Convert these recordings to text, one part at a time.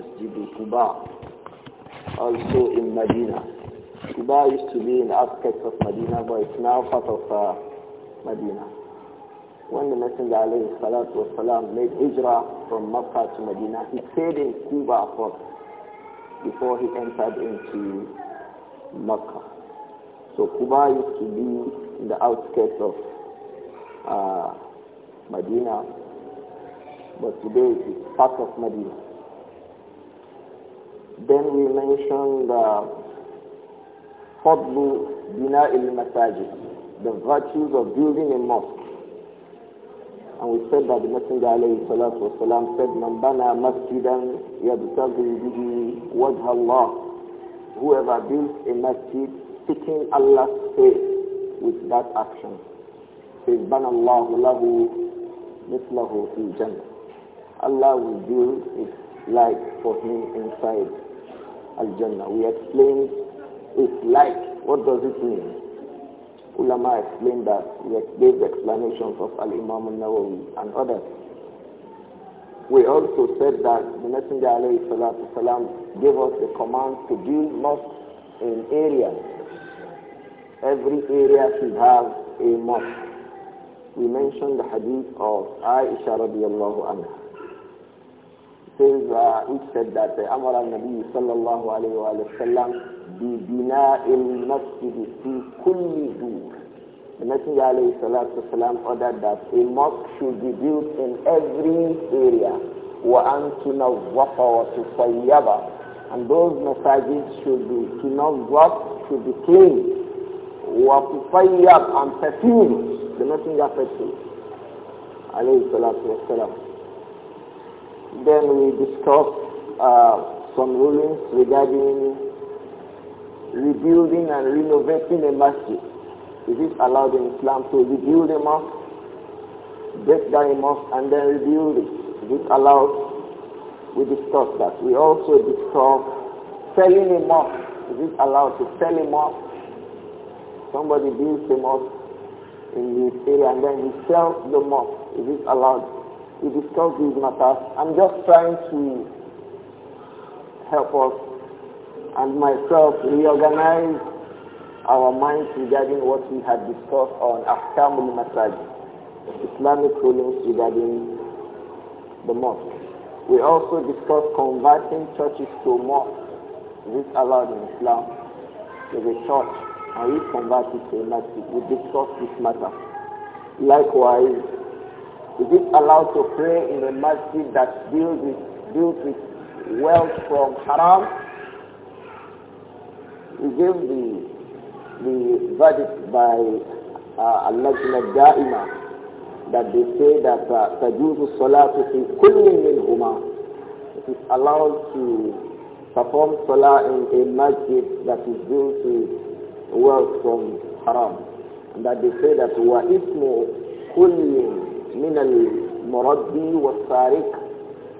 Masjid Quba, also in Medina. Quba used to be in outskirts of Medina, but it's now part of uh, Medina. When the Messenger والسلام, made hijrah from Makkah to Medina, he stayed in Quba first before he entered into Makkah. So Quba used to be in the outskirts of uh, Medina, but today it is part of Medina. Then we mentioned uh, Fadlu Bina il Masajid, the virtues of building a mosque. And we said that the Messenger alayhi salatu wasalam said, Man bana masjidan yabtaghi bihi wajha Allah. Whoever builds a masjid seeking Allah's faith with that action. Says, Bana Allahu lahu mislahu fi jannah. Allah will build his light for him inside Al-Jannah. We explained its like. What does it mean? Ulama explained that. We gave explanations of Al-Imam al-Nawawi and others. We also said that the Messenger والسلام, gave us the command to build mosques in areas. Every area should have a mosque. We mentioned the hadith of Aisha radiallahu anha says, uh, which said that the uh, Amr al-Nabi sallallahu alayhi wa sallam بِبِنَاءِ الْمَسْجِدِ فِي كُلِّ دُورٍ The Messenger alayhi salatu wasalam ordered that a mosque should be built in every area. وَأَنْ تُنَوَّفَ وَتُطَيَّبَ And those massages should be to tunawwaf, should be clean. وَتُطَيَّب and perfumed. The Messenger said so. Alayhi salatu wasalam. Then we discussed uh, some rulings regarding rebuilding and renovating a mosque. Is it allowed in Islam to rebuild a mosque, break down a mosque, and then rebuild it? Is it allowed? We discussed that. We also discussed selling a mosque. Is it allowed to sell a mosque? Somebody builds a mosque in this area and then he sells the mosque. Is it allowed? we discuss these matters. I'm just trying to help us and myself reorganize our minds regarding what we had discussed on Ahkamul Masaj, Islamic rulings regarding the mosque. We also discussed converting churches to mosques. This allowed in Islam. Is a church and we converted to a mosque. We discussed this matter. Likewise, is it allowed to pray in a masjid that deals with, deals with wealth from haram? He gave the, the verdict by uh, al Da'ima that they say that تجوز is في كل huma. It is allowed to perform salah in a masjid that is built with wealth from haram. And that they say that wa ismu kullin min al-muraddi was-sariq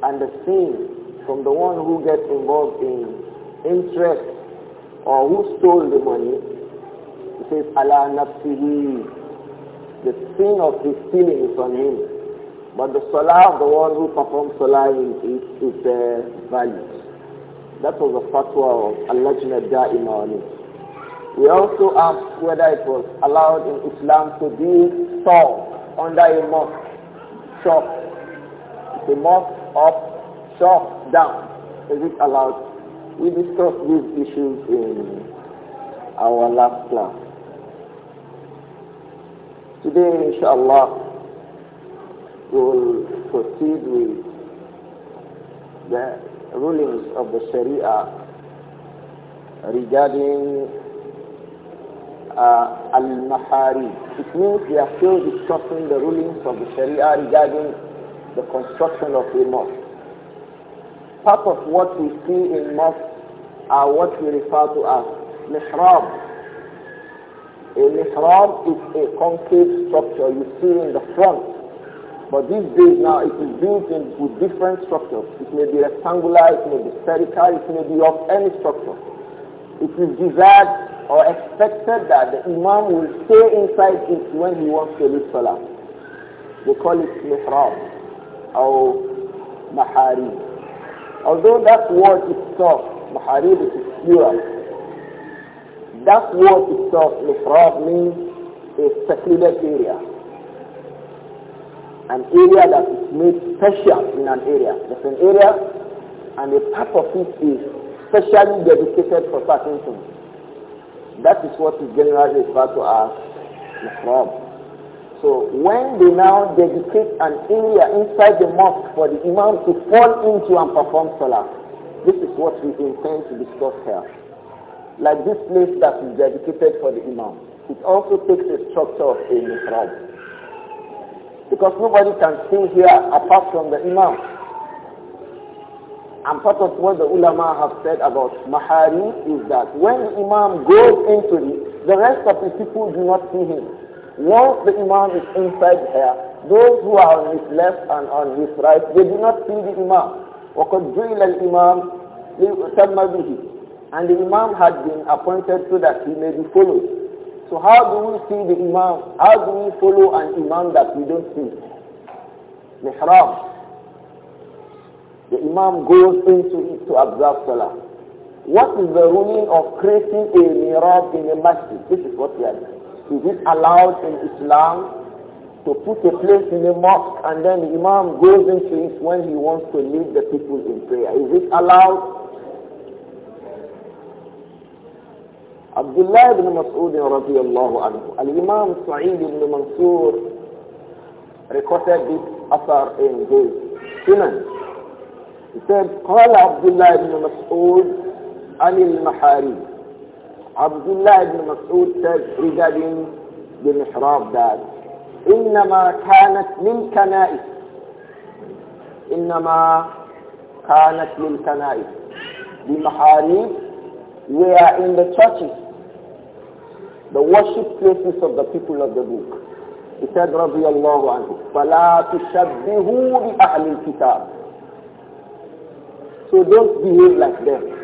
and the sin from the one who gets involved in interest or who stole the money He says ala nafsihi the sin of his stealing is on him but the salah of the one who performs salah in it is uh, value that was the fatwa of al-lajna da'ima we also asked whether it was allowed in Islam to be sold under a mosque, shop, the mosque up, shop down. Is it allowed? We discussed these issues in our last class. Today, inshallah, we will proceed with the rulings of the Sharia regarding uh, al-mahari. It means we are still discussing the rulings of the Sharia regarding the construction of a mosque. Part of what we see in mosques are what we refer to as mihrab. A mihrab is a concave structure you see in the front but these days now it is built in with different structures. It may be rectangular, it may be spherical, it may be of any structure. It is desired or expected that the imam will stay inside it when he wants to leave salah. They call it mihrab or maharib. Although that word itself, maharib is plural. That word itself, mihrab, means a secluded area. An area that is made special in an area. There's an area and a part of it is specially dedicated for certain things. That is what is generally referred to as mihrab. So when they now dedicate an area inside the mosque for the imam to fall into and perform salah, this is what we intend to discuss here. Like this place that is dedicated for the imam, it also takes the structure of a mihrab. Because nobody can stay here apart from the imam. And part of what the ulama have said about mahari is that when the imam goes into it, the rest of the people do not see him. Once the imam is inside here, those who are on his left and on his right, they do not see the imam. imam? جُعِلَ الْإِمَامُ لِيُؤْتَمَّ him. And the imam had been appointed so that he may be followed. So how do we see the imam? How do we follow an imam that we don't see? Mihrab, the Imam goes into it to observe Salah. What is the ruling of creating a mirab in a masjid? This is what we are doing. Is it allowed in Islam to put a place in a mosque and then the Imam goes into it when he wants to lead the people in prayer? Is it allowed? Abdullah ibn Mas'ud radiallahu anhu. Al-Imam Sa'id ibn Mansur recorded this after in his Sunan. طيب قال عبد الله بن مسعود عن المحاريب عبد الله بن مسعود تجد بمحراب ذات انما كانت من كنائس انما كانت للكنائس بمحاريب we are in the churches the worship places of the people of the book he said رضي الله عنه فلا تشبهوا بأهل الكتاب So don't behave like them.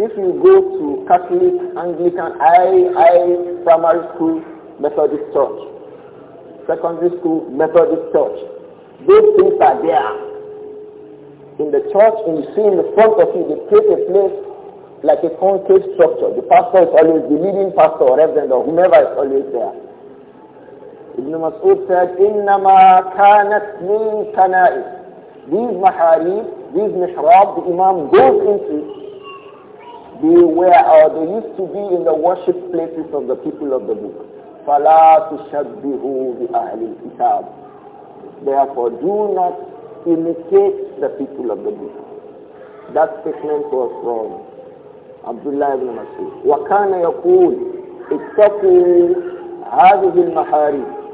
If you go to Catholic, Anglican, I, I, primary school, Methodist church, secondary school, Methodist church, those things are there. In the church, and you see in the front of you, they create a place like a concave structure. The pastor is always the leading pastor or reverend or whomever is always there. Ibn Mas'ud said, these maharib, these mihrab, the imam goes into, they where uh, they used to be in the worship places of the people of the book. فَلَا تُشَبِّهُوا بِأَهْلِ الْكِتَابِ Therefore, do not imitate the people of the book. That statement was from Abdullah ibn Masud. وَكَانَ يَقُولُ اتَّقُوا هَذِهِ الْمَحَارِبِ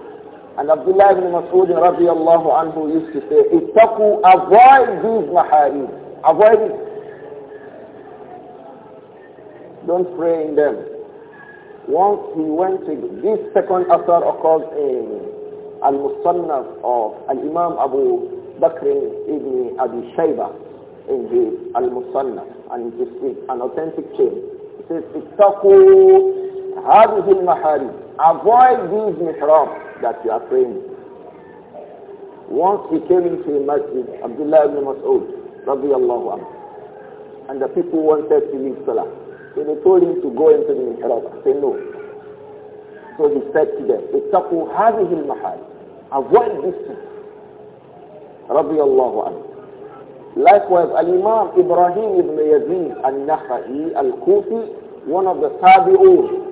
and Abdullah ibn Mas'ud radiallahu anhu used to say, Ittaku, avoid these maharim. Avoid it. Don't pray in them. Once he went to, this second asar occurs in Al-Musannaf of Al-Imam Abu Bakr ibn Abi Shayba in the Al-Musannaf and it is an authentic chain. It says, Ittaku هذه المحارم avoid these mihrab that you are praying once he came into a masjid Abdullah ibn Mas'ud radiyallahu anhu and the people wanted to leave salah so they told him to go into the mihrab I said no so he said to them اتقوا هذه المحارم avoid this thing radiyallahu anhu Likewise, Al-Imam Ibrahim ibn Yazid al-Nakhai al-Kufi, one of the Tabi'un,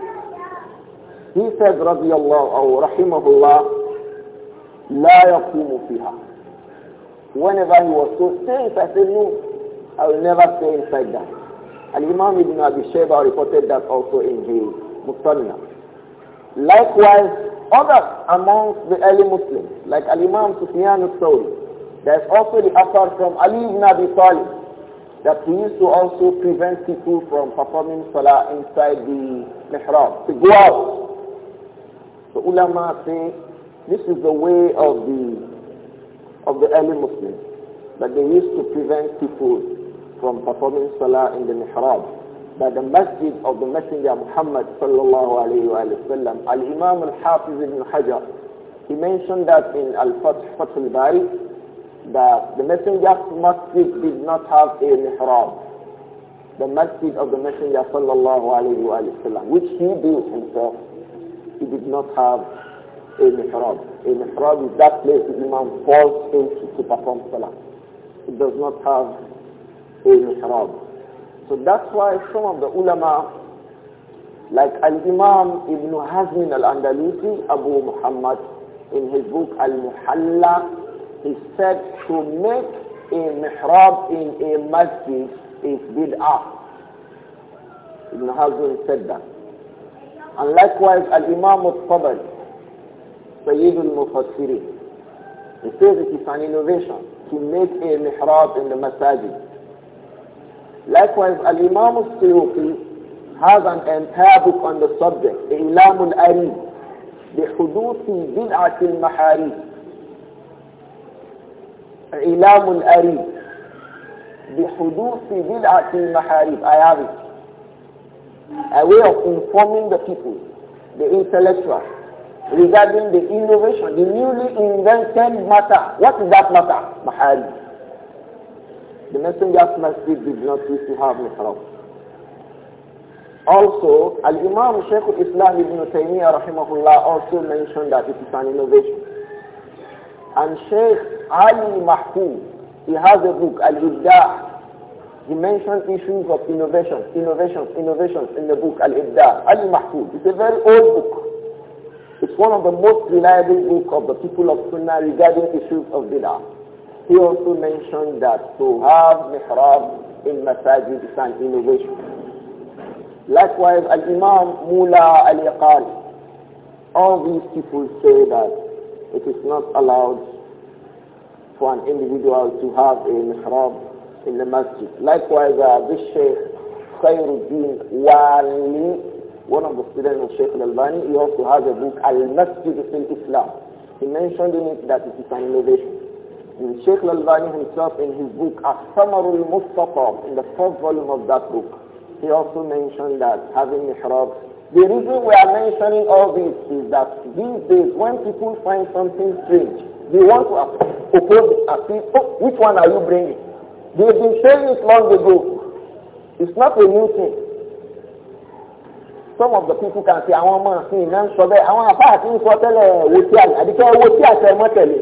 he said, رضي Allah, أو رحمه la لا يقوم Whenever he was so safe, I said, no, I will never stay inside that. And Imam Ibn Abi Sheba reported that also in his Mustanna. Likewise, others amongst the early Muslims, like Al-Imam Sufyan al-Sawri, there's also the affair from Ali ibn Abi Talib, that he used to also prevent people from performing salah inside the mihrab, to go out. The ulama say this is the way of the of the early Muslims that they used to prevent people from performing salah in the mihrab. That the masjid of the Messenger Muhammad sallallahu alayhi wa Al Imam Al Hafiz ibn Hajar, he mentioned that in Al Fath Al Bari that the Messenger's masjid did not have a mihrab the masjid of the Messenger sallallahu alayhi wa sallam, which he built himself he did not have a mihrab. A mihrab is that place the Imam falls into to perform salah. He does not have a mihrab. So that's why some of the ulama, like Al-Imam Ibn Hazmin Al-Andalusi, Abu Muhammad, in his book Al-Muhalla, he said to make a mihrab in a masjid is bid'ah. Ibn Hazm said that. And likewise, Al-Imam al-Tabari, Sayyid al-Mufassirin, he says it is an innovation to make a mihrab in the masajid Likewise, Al-Imam al-Suyuti has an entire book on the subject, Ilam al-Ari, بحدوث بدعة المحاريب. Ilam al-Ari, بحدوث بدعة المحاريب. I have it. a way of informing the people, the intellectuals, regarding the innovation, the newly invented matter. What is that matter? Mahari. The messenger's masjid did not used to have mihrab. Also, Al-Imam Shaykh Islam ibn Taymiyyah rahimahullah also mentioned that it is an innovation. And Shaykh Ali Mahfouz, he has a book, Al-Ibda' He mentioned issues of innovation, innovation, innovation in the book Al-Ibda, Al-Mahfud. It's a very old book. It's one of the most reliable books of the people of Sunnah regarding issues of bid'ah. He also mentioned that to have mihrab in masajid is an innovation. Likewise, Al-Imam Mula Al-Iqali. All these people say that it is not allowed for an individual to have a mihrab in the masjid. Likewise, uh, this Sheikh Khairuddin Wali, one of the students of Sheikh Al-Albani, he also has a book, Al-Masjid in Islam. He mentioned in it that it is an innovation. And Sheikh Al-Albani himself in his book, As-Samarul Mustafa, in the fourth volume of that book, he also mentioned that having mihrab. The reason we are mentioning all this is that these days when people find something strange, they want to oppose it and say, oh, which one are you bringing? They've been saying it long ago. It's not a new thing. Some of the people can say, àwọn ọmọ àfin iná ń sọ bẹ́ẹ̀, àwọn àpá àti ń sọ tell, wo tí àlẹ́, àdìkẹ́ wo tí àṣẹ mọ́ tẹ̀lé.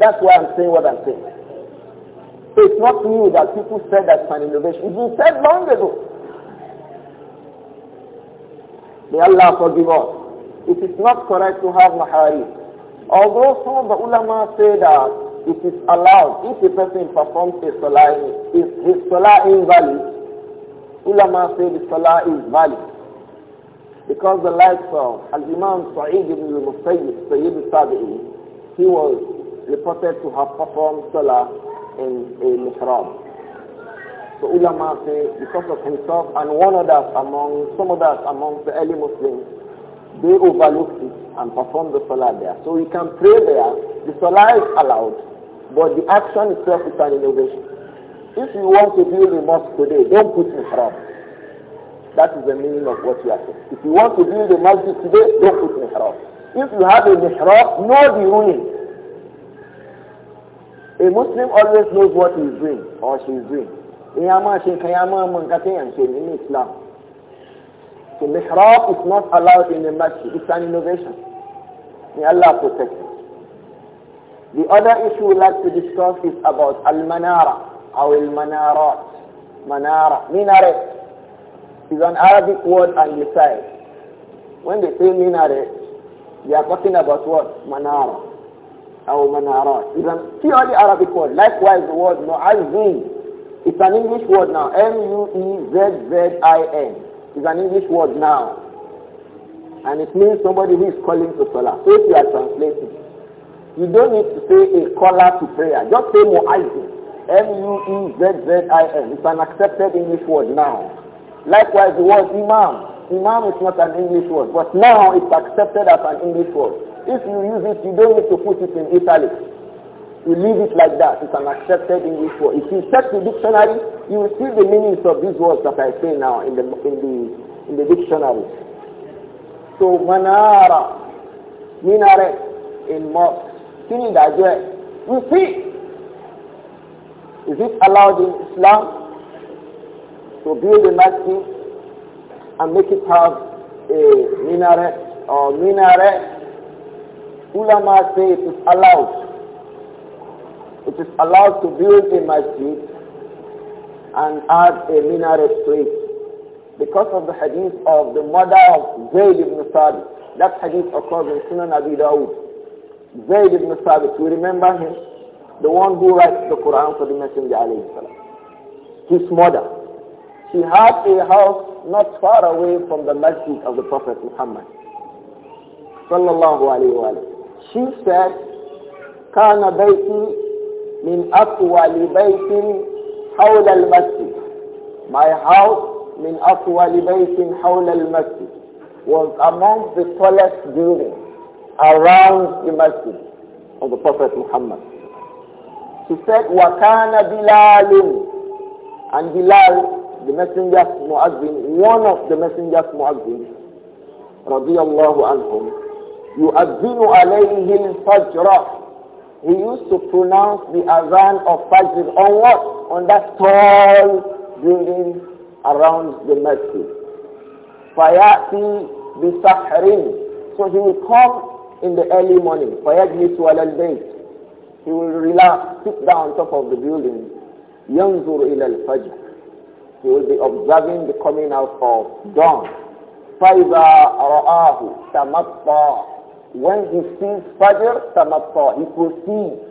That's why I'm saying what I'm saying. it's not new that people said that's an innovation. It's been said long ago. May Allah forgive us. It is not correct to have mahari. Although some of the ulama say that it is allowed. If a person performs a salah, if his salah invalid, ulama say the salah is valid. Because the likes of Al-Imam Sa'id ibn al-Musayyib, Sayyid al-Tabi'i, he was reported to have performed salah in a mihrab. So ulama say, because of himself and one others among, some others among the early Muslims, they overlooked it and performed the salah there. So we can pray there. The salah is allowed, but the action itself is an innovation. If you want to build a mosque today, don't put in haram. That is the meaning of what you are saying. If you want to build a masjid today, don't put in haram. If you have a mihrab, know the ruin. A Muslim always knows what he is doing or she is doing. Iyama shinkayama munkateyan shin in Islam. So mihrab is not allowed in the masjid. It's an innovation. May Allah protect you. The other issue we'd like to discuss is about al-manara, or al-manarat, manara, minaret. is an Arabic word and Messiah. When they say minaret, they are talking about what? Manara, or manarat. It's a purely Arabic word. Likewise, the word mu'azzin, it's an English word now, M-U-E-Z-Z-I-N. It's an English word now. And it means somebody who is calling to Salah. So if you are translating, you don't need to say a caller to prayer. Just say Mu'azzin. M-U-E-Z-Z-I-N. It's an accepted English word now. Likewise, the word Imam. Imam is not an English word, but now it's accepted as an English word. If you use it, you don't need to put it in italics. You leave it like that. It's an accepted English word. If you check the dictionary, you will see the meanings of these words that I say now in the, in the, in the dictionary. So, manara, minaret in mosque in the You see, is it allowed in Islam to build a masjid and make it have a minaret or minaret? Ulama say it is allowed. It is allowed to build a masjid and add a minaret to it because of the hadith of the mother of Zayd ibn Sadi. That hadith occurs in Sunan Abi Dawud. Zayd ibn Thabit, we remember him, the one who writes the Quran for the Messenger alayhi salam. His mother, she had a house not far away from the masjid of the Prophet Muhammad sallallahu alayhi wa She said, كان بيتي من أطول بيت حول المسجد. My house من أطول بيت حول المسجد was among the tallest buildings around the masjid of the Prophet Muhammad. He said, Wakana Bilalun. And Bilal, the messenger's Muazzin, one of the messenger's Muazzin, radiallahu anhum, yu'azzinu alayhi al-fajr. He used to pronounce the azan of Fajr on what? On that tall building around the masjid. Fayati bisahrin. So he will come in the early morning. Fajr عَلَى bayt, He will relax, sit down on top of the building. يَنْظُرُ al fajr. He will be observing the coming out of dawn. فَإِذَا رَآهُ تَمَطَّى When he sees Fajr, تَمَطَّى He proceeds.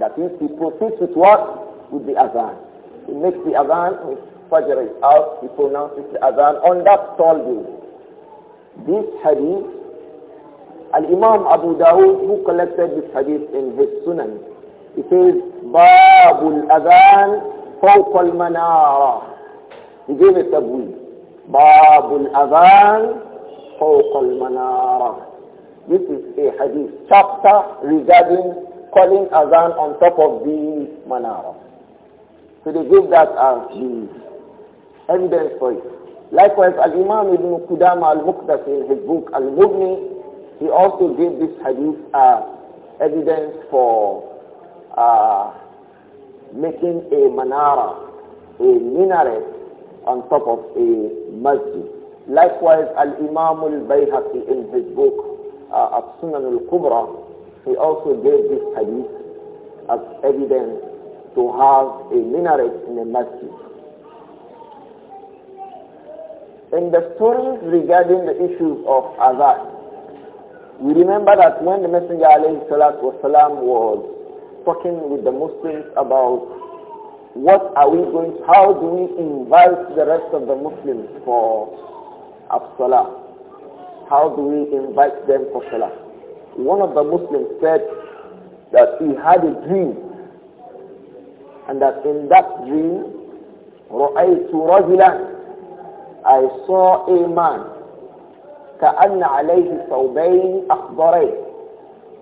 That is, he proceeds with what? With the Adhan. He makes the Adhan, when Fajr is out, he pronounces the Adhan on that tall building. This hadith Al-Imam Abu Dawud, who collected this hadith in his Sunan, he says, Babul Adhan Fawq al He gave it a tabweed. Babul Adhan Fawq al This is a hadith chapter regarding calling Azan on top of the Manara. So they gave that as the evidence for it. Likewise, Al-Imam Ibn Qudama Al-Muqdas in his book Al-Mughni he also gave this hadith as evidence for uh, making a manara, a minaret on top of a masjid. Likewise, Al-Imam al-Bayhaqi in his book, uh, As-Sunan al-Kubra, he also gave this hadith as evidence to have a minaret in a masjid. In the stories regarding the issues of azan, we remember that when the Messenger والسلام, was talking with the Muslims about what are we going to, how do we invite the rest of the Muslims for Salah? How do we invite them for Salah? One of the Muslims said that he had a dream and that in that dream رأيت رجلا I saw a man كأن عليه ثوبين أخضرين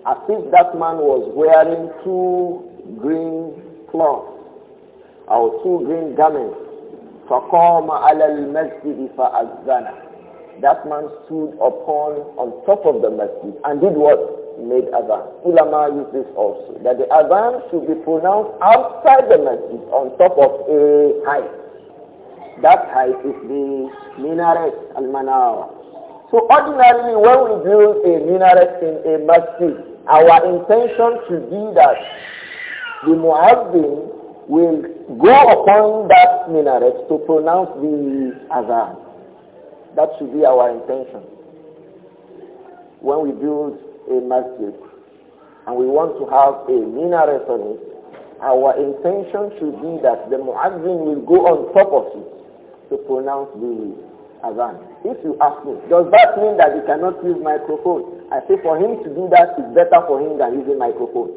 as if that man was wearing two green cloths or two green garments فقام على المسجد فأذن that man stood upon on top of the masjid and did what made adhan ulama use this also that the adhan should be pronounced outside the masjid on top of a height that height is the minaret al-manara so ordinarily, when we build a minaret in a masjid, our intention should be that the muazzin will go upon that minaret to pronounce the azan. That should be our intention. When we build a masjid and we want to have a minaret on it, our intention should be that the muazzin will go on top of it to pronounce the azan. If you ask me, does that mean that he cannot use microphone? I say for him to do that is better for him than using microphone.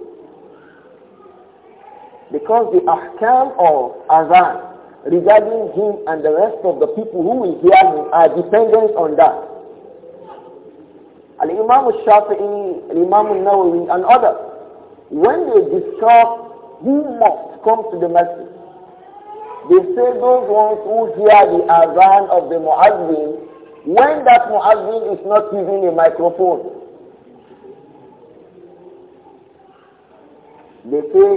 Because the ahkam of azan regarding him and the rest of the people who will hear him are dependent on that. Al-Imam al-Shafi'i, Al-Imam al-Nawawi and others, when they discuss who must come to the masjid, they say those ones who hear the Azan of the Muazzin, when that Muazzin is not using a microphone, they say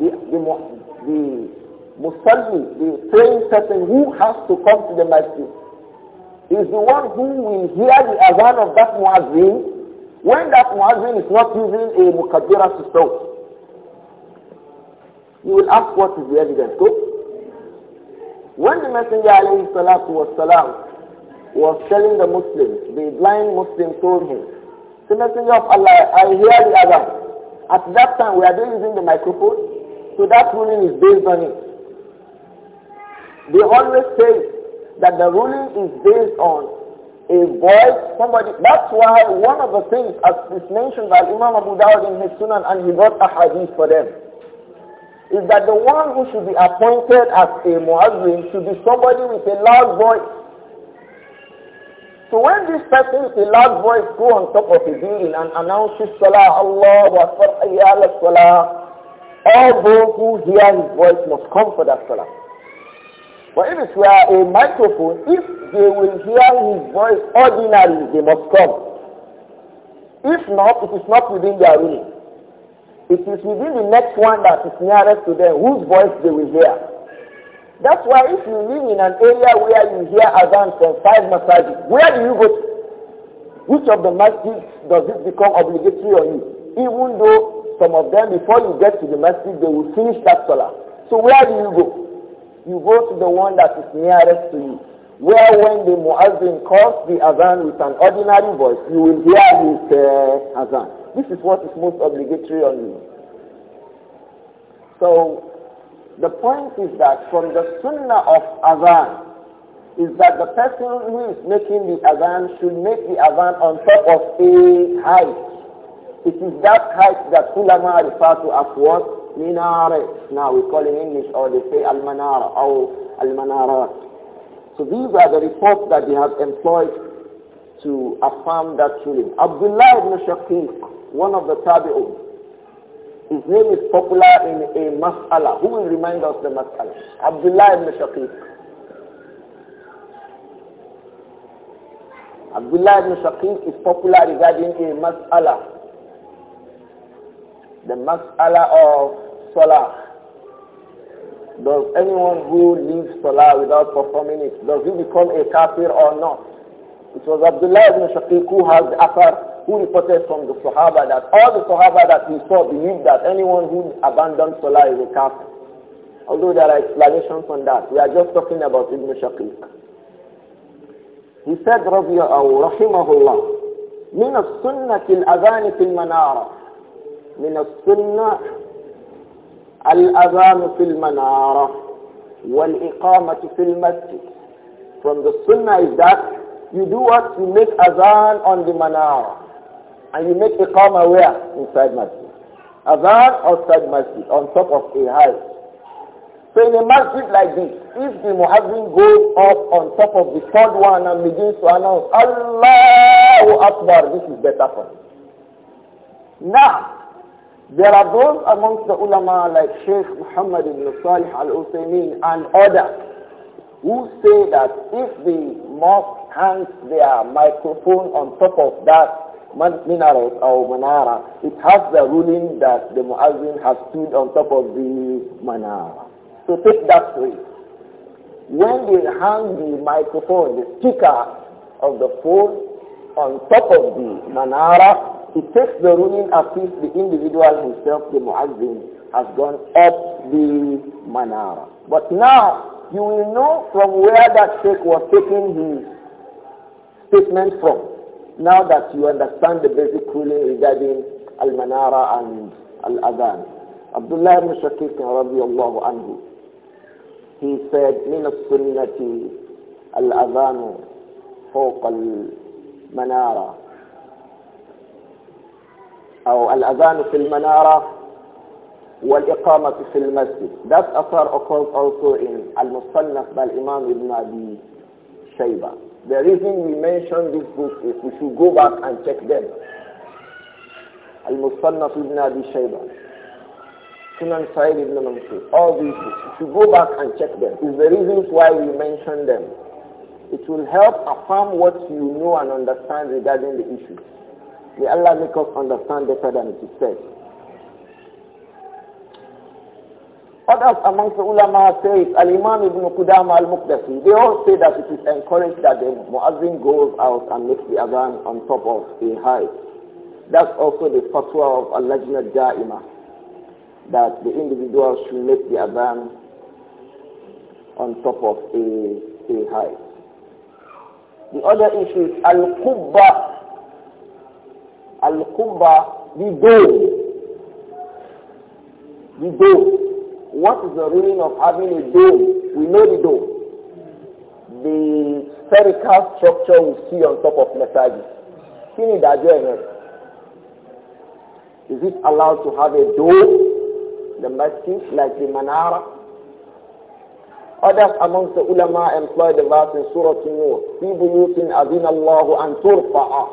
the, the, the Musalli, the praying person who has to come to the masjid, is the one who will hear the Azan of that Muazzin when that Muazzin is not using a Mukaddira to You will ask what is the evidence. When the Messenger alayhi salatu was was telling the Muslims, the blind Muslim told him, the Messenger of Allah, I hear the Adhan. At that time, we are doing using the microphone, so that ruling is based on it. They always say that the ruling is based on a voice, somebody. That's why one of the things, as is mentioned by Imam Abu Dawud in his Sunan, and he got a hadith for them is that the one who should be appointed as a muazzin should be somebody with a loud voice. So when this person with a loud voice go on top of a building and announces Salah, Allah, wa Salah, Salah, all those who hear his voice must come for that Salah. But if it were a microphone, if they will hear his voice ordinarily, they must come. If not, it is not within their ruling. It is within the next one that is nearest to them whose voice they will hear. That's why if you live in an area where you hear Azan from five masajid, where do you go to? Which of the masjids does it become obligatory on you? Even though some of them, before you get to the masjid, they will finish that salah. So where do you go? You go to the one that is nearest to you. Where when the muazzin calls the Azan with an ordinary voice, you will hear his uh, Azan. This is what is most obligatory on you. So the point is that from the sunnah of Adhan is that the person who is making the Adhan should make the Adhan on top of a height. It is that height that ulama refer to as what? Minare. Now we call in English or they say al-manara or al So these are the reports that they have employed to affirm that ruling. Abdullah ibn Shaqiq one of the tabi'un. His name is popular in a mas'ala. Who will remind us the mas'ala? Abdullah ibn Shaqiq. Abdullah ibn Shaqiq is popular regarding a mas'ala. The mas'ala of salah. Does anyone who leaves salah without performing it, does he become a kafir or not? It was Abdullah ibn Shaqiq who has the affair who reported from the Sahaba that all the Sahaba that he saw believed that anyone who abandoned Salah is a kafir. Although there are explanations on that. We are just talking about Ibn Shaqiq. He said, رضي أو رحمه الله من السنة الأذان في المنارة من السنة الأذان في المنارة والإقامة في المسجد From the sunnah is that you do what? You make azan on the manara. And you make Iqama aware Inside masjid. Adhan outside masjid, on top of a house. So in a masjid like this, if the muhazzin goes up on top of the third one and begins to announce, Allahu Akbar, this is better for him. Now, there are those amongst the ulama like Sheikh Muhammad ibn Salih al-Uthaymeen and others who say that if the mosque hangs their microphone on top of that minaret or manara, it has the ruling that the muazzin has stood on top of the manara. So take that way. When they hang the microphone, the speaker of the phone on top of the manara, it takes the ruling as if the individual himself, the muazzin, has gone up the manara. But now, you will know from where that sheikh was taking his statement from. Now that you understand the basic ruling regarding Al-Manara and Al-Adhan, Abdullah ibn Shakir radiallahu anhu, he said, من السنة الأذان فوق المنارة أو الأذان في المنارة والإقامة في المسجد. That author occurs also in Al-Musannaf by Imam Ibn Abi Shaybah. The reason we mention these books is we should go back and check them. Al-Musannaf ibn Abi Shayba, Sunan Sa'id ibn Mansur, all these books. We should go back and check them. It's the reasons why we mention them. It will help affirm what you know and understand regarding the issue. May Allah make us understand better than it is said. Others amongst the ulama say Al-Imam ibn Qudama al-Muqdasi, they all say that it is encouraged that the muazzin goes out and makes the adhan on top of a high. That's also the fatwa of Al-Lajna Da'ima, that the individual should make the adhan on top of a, a high. The other issue is Al-Qubba, Al-Qubba, the dome, the dome. What is the meaning of having a dome? We know the dome. The spherical structure we see on top of massages. Kí ni ìdájọ́ Is it allowed to have a dome? The masjid like the manara? Others amongst the ulama employ the verse in Surah An-Nur. في بيوت أذن الله أن ترفع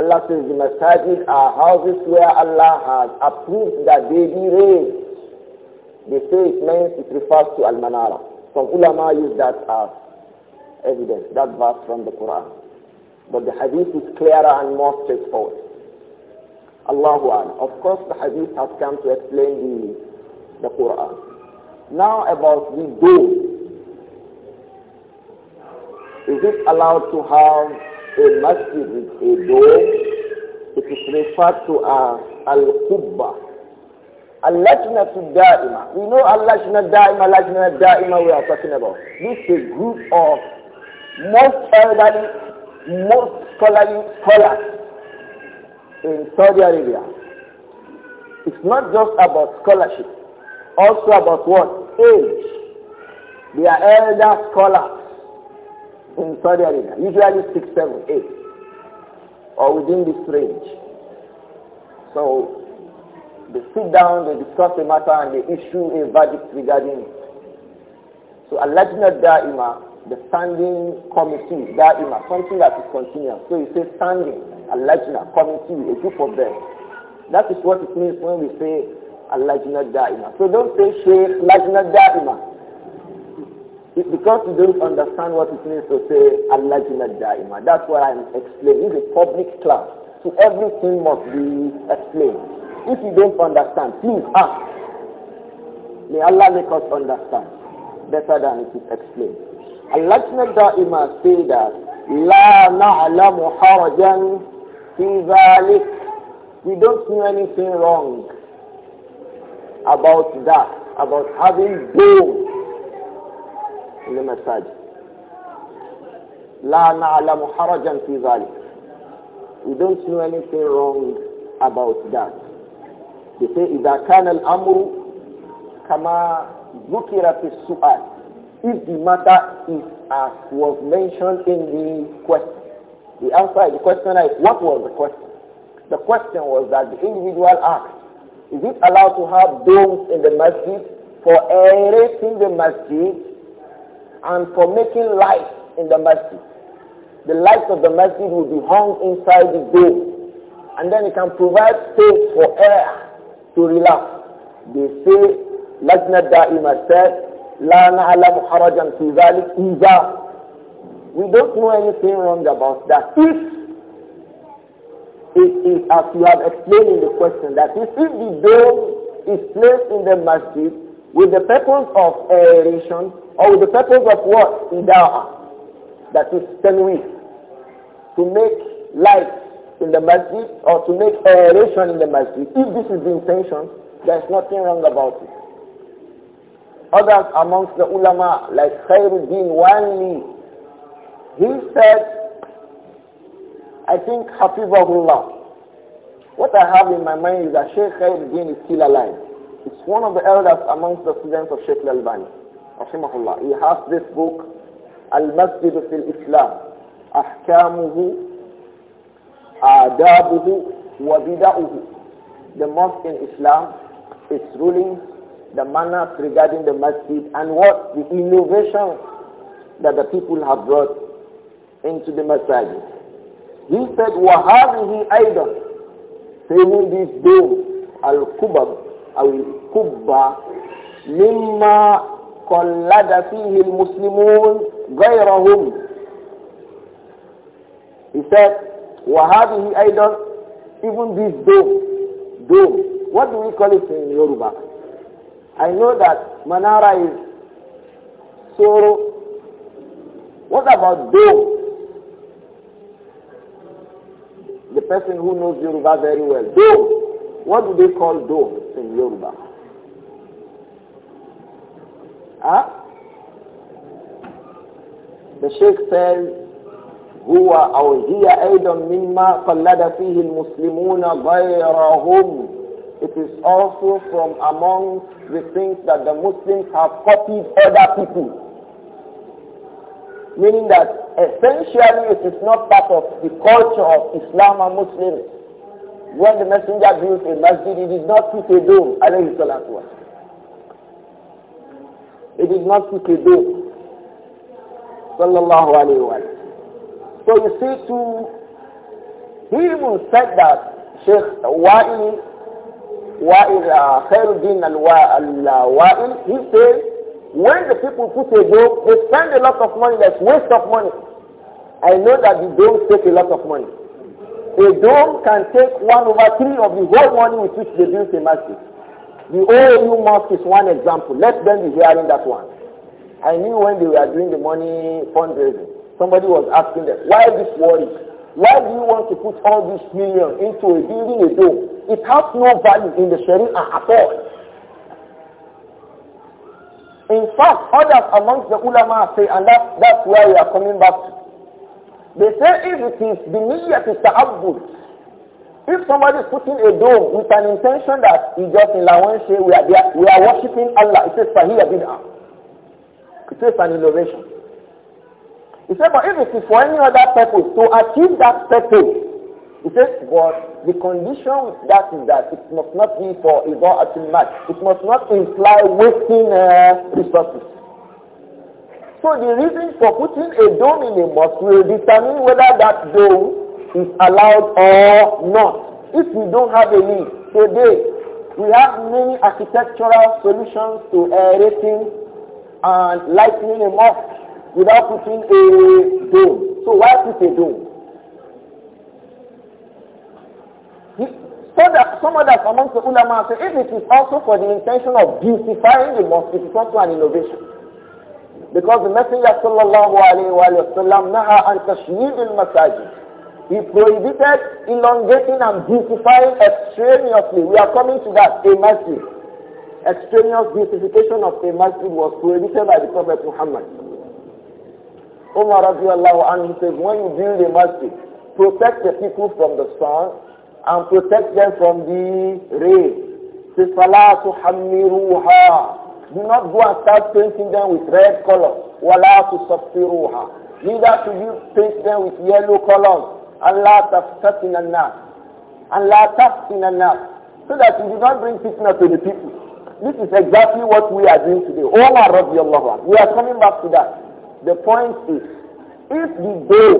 Allah says the masajid are houses where Allah has approved that they be raised. They say it means it refers to Al-Manara. Some ulama use that as evidence, that verse from the Quran. But the hadith is clearer and more straightforward. Allahu Alam. Of course the hadith has come to explain the, the Quran. Now about the dome. Is it allowed to have a masjid with a dome? It is referred to as al kubba Al-Lajnatu Da'ima. We know Al-Lajna Da'ima, Lajna Da'ima we are talking about. This is a group of most elderly, most scholarly scholars in Saudi Arabia. It's not just about scholarship, also about what? Age. They are elder scholars in Saudi Arabia, usually six, seven, eight, or within this range. So they sit down, they discuss a matter, and they issue a verdict regarding it. So Al-Lajna Da'ima, the standing committee, Da'ima, something that is continuous. So you say standing, Al-Lajna, committee, a group of them. That is what it means when we say Al-Lajna Da'ima. So don't say Sheikh Lajna Da'ima. It's because you don't understand what it means to say Al-Lajna Da'ima. That's why I'm explaining. It's a public class. So everything must be explained. If you don't understand, please ask. May Allah make us understand better than it is explained. Allah lajna Da'ima say that La na'lamu harajan fi dhalik We don't know anything wrong about that, about having boom in the message. La na'lamu harajan fi dhalik We don't know anything wrong about that. They say, إِذَا كَانَ الْأَمْرُ كَمَا ذُكِرَ فِي السُّؤَالِ If the matter is as was mentioned in the question, the answer the question is, what was the question? The question was that the individual asked, is it allowed to have domes in the masjid for aerating the masjid and for making light in the masjid? The light of the masjid will be hung inside the dome and then it can provide space for air to relax. They say, Lajna Da'ima said, لا نعلم حرجا في ذلك We don't know anything wrong about that. If it is as you have explained in the question, that if, if the dome is placed in the masjid with the purpose of aeration or with the purpose of what? Ida'a. That is ten weeks. To make light in the masjid or to make aeration in the masjid, if this is the intention, there is nothing wrong about it. Others amongst the ulama, like Khairuddin Wanli, he said, I think Hafizahullah. What I have in my mind is that Sheikh Khairuddin is still alive. It's one of the elders amongst the students of Sheikh shaykh Rahimahullah. He has this book, Al-Masjid fil Islam, أحكامه wa وبدعه. The mosque in Islam, is ruling the manners regarding the masjid, and what the innovation that the people have brought into the masjid. He said, وَهَذِهِ أَيْضًا Saying this dome, al-kubab, al-kubba, مما قلد فيه المسلمون غيرهم. He said, وهذه أيضا even this dome, dome, what do we call it in Yoruba? I know that Manara is So, What about dome? The person who knows Yoruba very well. Dome. What do they call dome in Yoruba? Huh? The Sheikh says هو أو هي أيضا مما قلد فيه المسلمون غيرهم It is also from among the things that the Muslims have copied other people. Meaning that essentially it is not part of the culture of Islam and Muslims. When the messenger built a masjid, he did not put a dome, alayhi salatu He did not put a dome. Sallallahu alayhi wa so you see to he even said that Sheikh Wa'il Wa'il uh, Khairuddin al-Wa'il he says when the people put a joke they spend a lot of money that's waste of money. I know that the dome take a lot of money. A dome can take one over three of the whole money with which they built a mosque. The OAU mosque is one example. Let them be hearing that one. I knew when they were doing the money fundraising. Somebody was asking them, why this worry? Why do you want to put all these millions into a building a dome? It has no value in the Sharia at all. In fact, others amongst the ulama say, and that, that's where we are coming back to. They say if it is the niyyah is ta'abbud, if somebody is putting a dome with an intention that he just in Lawanshe, we are, there, we are worshipping Allah, it says Sahih bid'ah. It says an innovation. He said, but if it is for any other purpose, to achieve that purpose, he says, but the condition with that is that it must not be for a Atimat. It must not imply wasting uh, resources. So the reason for putting a dome in a mosque will determine whether that dome is allowed or not. If we don't have a need today, we have many architectural solutions to aerating and lighting a mosque without putting a dome. So why put a dome? So that some others amongst the ulama say if it is also for the intention of beautifying the mosque, it is also an innovation. Because the Messenger sallallahu alayhi wa sallam naha an tashmid al-masajid. He prohibited elongating and beautifying extraneously. We are coming to that, a masjid. Extraneous beautification of a masjid was prohibited by the Prophet Muhammad Umar radiallahu anhu says, when you build a masjid, protect the people from the sun and protect them from the rain. Say, Salatu Hamiruha. Do not go and start painting them with red color. Wala tu safiruha. Neither should you paint them with yellow colors. Allah taftatin And Allah taftin annas. So that you do not bring fitna to the people. This is exactly what we are doing today. Omar radiallahu anhu. We are coming back to that. The point is, if the day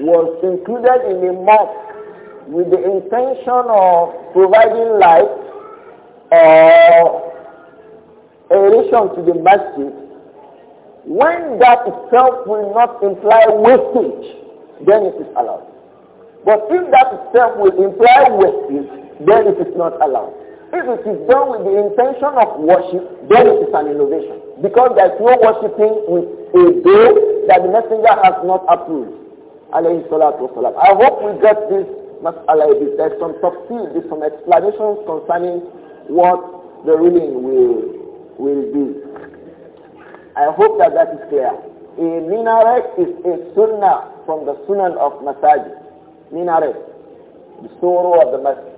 was included in a mosque with the intention of providing light or a relation to the masjid, when that itself will not imply wastage, then it is allowed. But if that itself will imply wastage, then it is not allowed. If it is done with the intention of worship, then it is an innovation. Because there is no worshiping with a day that the messenger has not approved. I hope we get this mas'ala a bit. There's some tafsir, there's some explanations concerning what the ruling will, will be. I hope that that is clear. A minaret is a sunnah from the sunnah of masajid. Minaret, the sorrow of the masjid.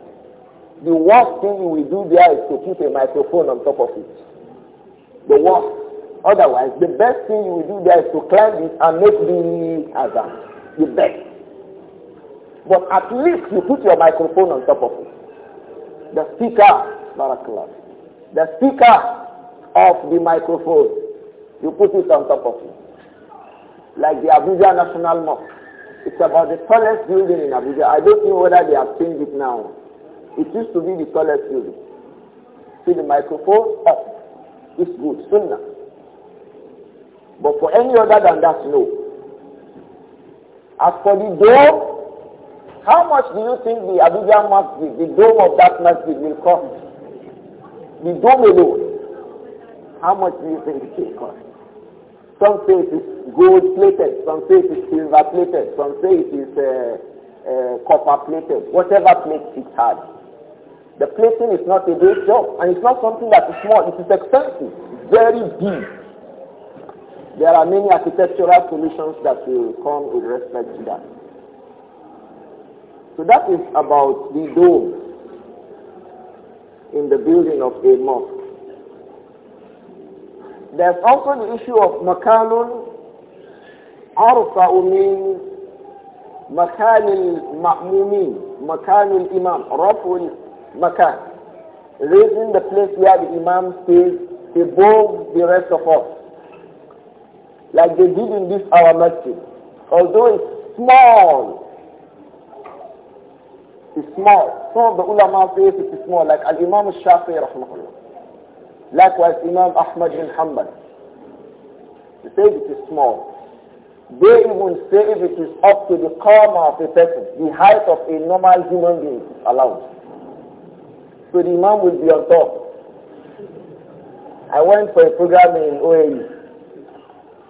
The worst thing we do there is to keep a microphone on top of it. The worst. Otherwise, the best thing you will do there is to climb it and make the azan. The best. But at least you put your microphone on top of it. The speaker, The speaker of the microphone, you put it on top of it. Like the Abuja National Mosque. It's about the tallest building in Abuja. I don't know whether they have changed it now. It used to be the tallest building. See the microphone up. Oh, it's good. Sunnah. But for any other than that, no. As for the dome, how much do you think the Abidjan Masjid, the dome of that masjid will cost? The dome alone. How much do you think it will cost? Some say it is gold plated, some say it is silver plated, some say it is uh, uh, copper plated, whatever plates it has. The plating is not a great job and it's not something that is small, it is expensive, very big. There are many architectural solutions that will come with respect to that. So that is about the dome in the building of a mosque. There's also the issue of makanun arfa umin, makanil ma'mumin, makanul imam, raf'ul makan. Raising the place where the imam stays above the rest of us like they did in this our masjid. Although it's small, it's small. Some of the ulama say it is small, like Al-Imam Shafi'i rahmahullah. Likewise Imam Ahmad bin Hanbal. They say it is small. They even say if it is up to the karma of a person, the height of a normal human being is allowed. So the imam will be on top. I went for a program in OAU.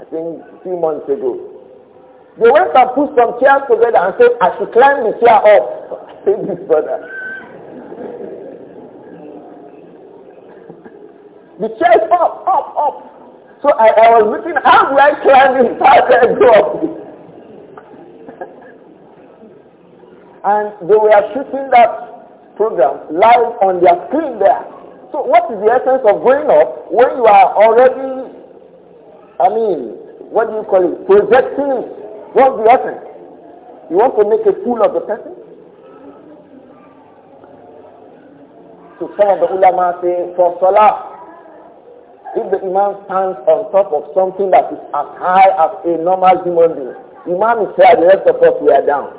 I think a few months ago. They went and put some chairs together and said, I should climb the chair up. I said, this brother. the chair is up, up, up. So I, I was looking, how do I climb this chair and go up and they were shooting that program live on their screen there. So what is the essence of going up when you are already I mean, what do you call it? Projecting it. What's the essence? You want to make a fool of the person? So some of the ulama say, for salah, if the imam stands on top of something that is as high as a normal human being, imam is here, the rest of us we are down.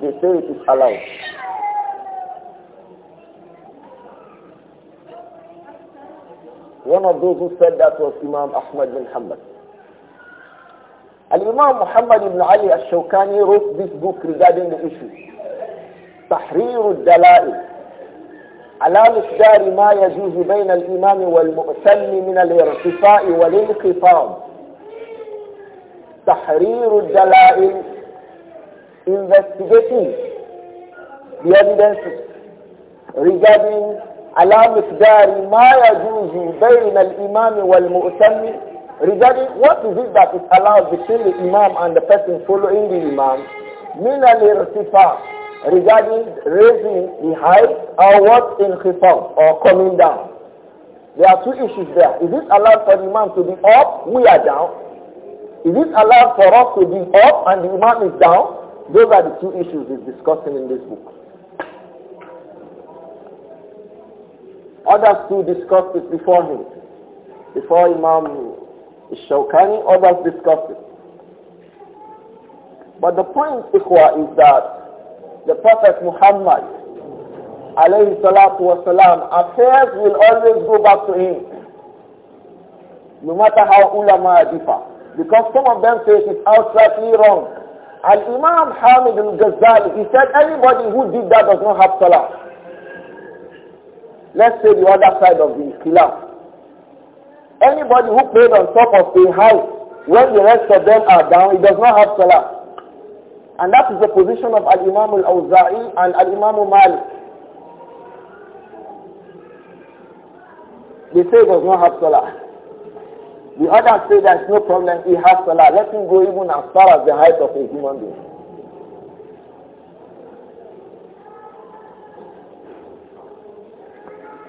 They say it is allowed. One of those who said that was Imam Ahmad bin Hanbal. Al-Imam Muhammad ibn Ali al-Shawkani wrote this book regarding the issue. تحرير الدلائل على مقدار ما يجوز بين الإمام والمؤتم من الارتفاع والانخفاض تحرير الدلائل investigating the evidences regarding على مقدار ما al بين wal والمؤتم regarding what is it that is allowed between the imam and the person following the imam من الارتفاع regarding raising the height or what in khifam or coming down there are two issues there is it allowed for the imam to be up we are down is it allowed for us to be up and the imam is down those are the two issues we're discussing in this book Others too discussed it before him. Before Imam Shawkani, others discussed it. But the point, Ikhwa, is that the Prophet Muhammad, alayhi salatu wasalam, affairs will always go back to him. No matter how ulama differ. Because some of them say it is outrightly wrong. And Imam Hamid al-Ghazali, he said anybody who did that does not have salah. Let's say the other side of the pillar. Anybody who prayed on top of a house when the rest of them are down, he does not have salah. And that is the position of Al-Imam Al-Awza'i and Al-Imam al Malik. They say he does not have salah. The others say there is no problem, he has salah. Let him go even as far as the height of a human being.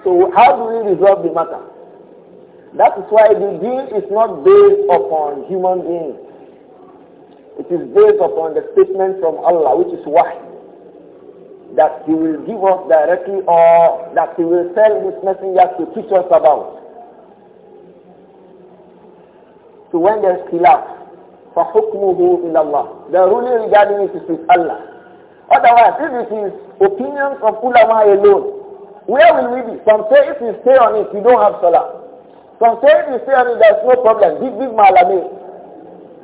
So how do we resolve the matter? That is why the deal is not based upon human beings. It is based upon the statement from Allah, which is wahy, that He will give us directly or that He will send His messenger to teach us about. So when there is khilaf, فَحُكْمُهُ إِلَى اللَّهِ The ruling regarding it is with Allah. Otherwise, if it is opinions of ulama alone, where will we be? Some say if you stay on it, you don't have salah. Some say if you stay on it, there's no problem. Big, big malame.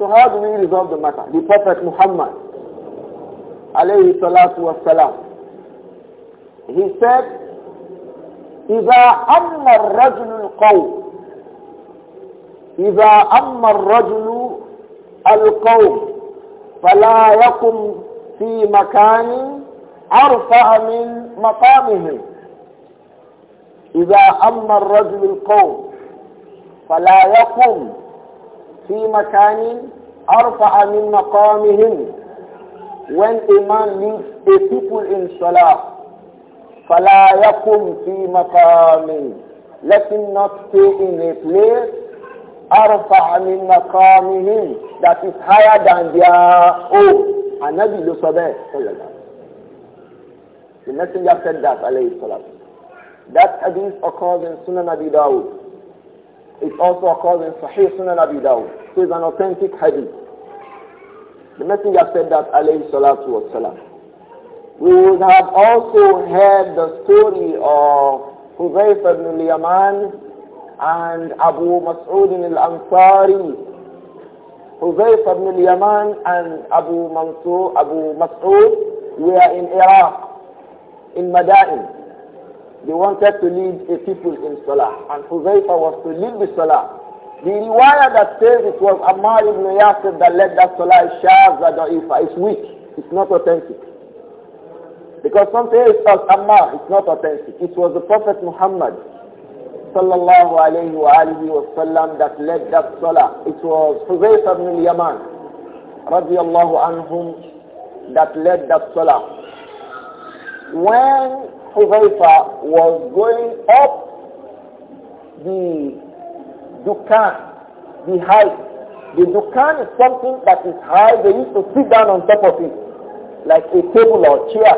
So how do we resolve the matter? The Prophet Muhammad, alayhi salatu wasalam, he said, إذا أم الرجل القوم إذا أم الرجل القوم فلا يقم في مكان أرفع من مقامهم إذا هم الرجل القوم فلا يقوم في مكان أرفع من مقامهم when a man leads a people in salah فلا يقوم في مقام let him not stay in a place أرفع من مقامهم that is higher than their own النبي لصبه صلى الله عليه وسلم the messenger said that عليه الصلاة والسلام That hadith occurs in Sunan Abi Dawud. It also occurs in Sahih Sunan Abi Dawud. it's an authentic hadith. The Messenger said that, alayhi salatu wasalam. We would have also heard the story of Huzayf ibn al-Yaman and Abu Mas'ud al-Ansari. Huzayf ibn al-Yaman and Abu, Mansur, Abu Mas'ud were in Iraq, in Madain. They wanted to lead a people in Salah, and Huzaifa was to lead the Salah. The riwayah that says it was Ammar ibn Yasir that led that Salah is Da'ifa. It's weak. It's not authentic. Because say it was Ammar. It's not authentic. It was the Prophet Muhammad sallallahu alayhi wa alihi wasallam that led that Salah. It was Huzaifa ibn Yaman radiallahu anhum that led that Salah. When Huzaifa was going up the Dukan, the height. The Dukan is something that is high. They used to sit down on top of it, like a table or chair.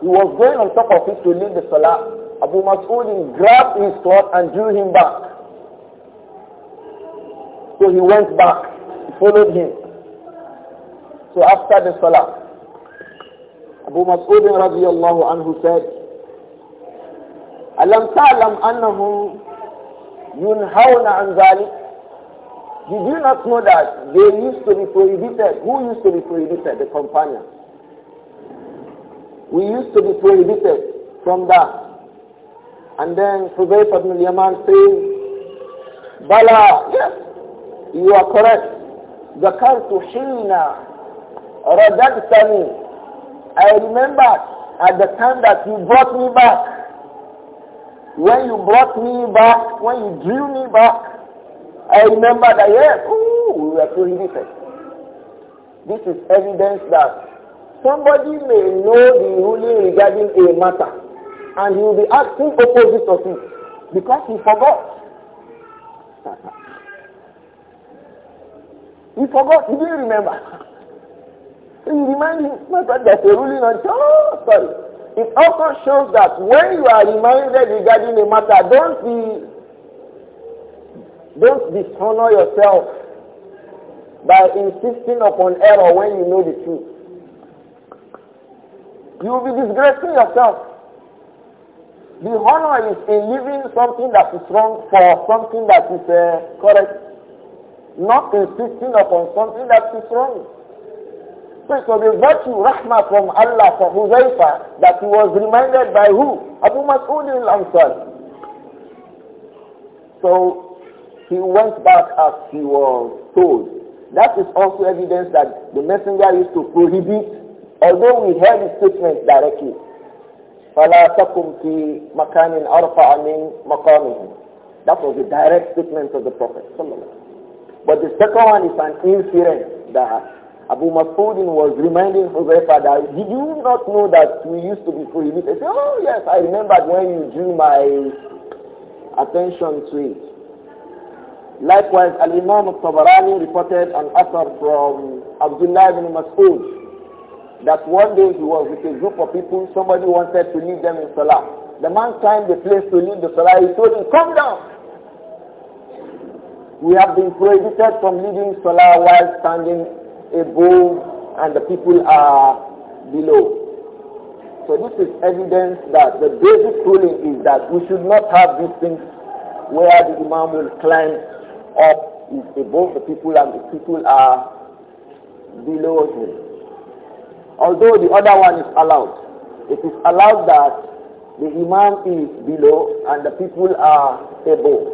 He was going on top of it to lead the Salah. Abu Mas'ud grabbed his sword and drew him back. So he went back, he followed him. So after the Salah, Abu Mas'ud radiyallahu anhu said, أَلَمْ تَعْلَمْ أَنَّهُمْ يُنْهَوْنَ عَنْ ذَلِكَ Did you not know that they used to be prohibited? Who used to be prohibited? The companions. We used to be prohibited from that. And then Hudayf ibn Yaman says, Bala, yes, you are correct. ذكرت حين رددتني I remember at the time that you brought me back. When you brought me back, when you drew me back, I remember that yes, ooh, we were prohibited. This is evidence that somebody may know the ruling regarding a matter and he will be acting opposite of it because he forgot. he forgot, he didn't remember. In reminding matter, that there's a ruling on oh, sorry. It also shows that when you are reminded regarding a matter, don't be don't dishonor yourself by insisting upon error when you know the truth. You will be disgracing yourself. The honor is in leaving something that is wrong for something that is uh, correct, not insisting upon something that is wrong. So it a virtue, rahmah from Allah for Huzaifa that he was reminded by who? Abu Mas'ud al-Ansari. So he went back as he was told. That is also evidence that the messenger used to prohibit, although we heard his statement directly. فَلَا تَكُمْ فِي مَكَانٍ أَرْفَعَ مِنْ مَقَامِهِ That was the direct statement of the Prophet. But the second one is an inference that Abu Mas'ud was reminding Huzaifa that, did you not know that we used to be prohibited? He said, oh yes, I remembered when you drew my attention to it. Likewise, Al-Imam al-Tabarani reported an utter from Abdullah ibn Mas'ud that one day he was with a group of people, somebody wanted to lead them in Salah. The man climbed the place to lead the Salah, he told him, come down! We have been prohibited from leading Salah while standing above and the people are below. So this is evidence that the basic ruling is that we should not have these things where the imam will climb up is above the people and the people are below him. Although the other one is allowed. It is allowed that the imam is below and the people are above.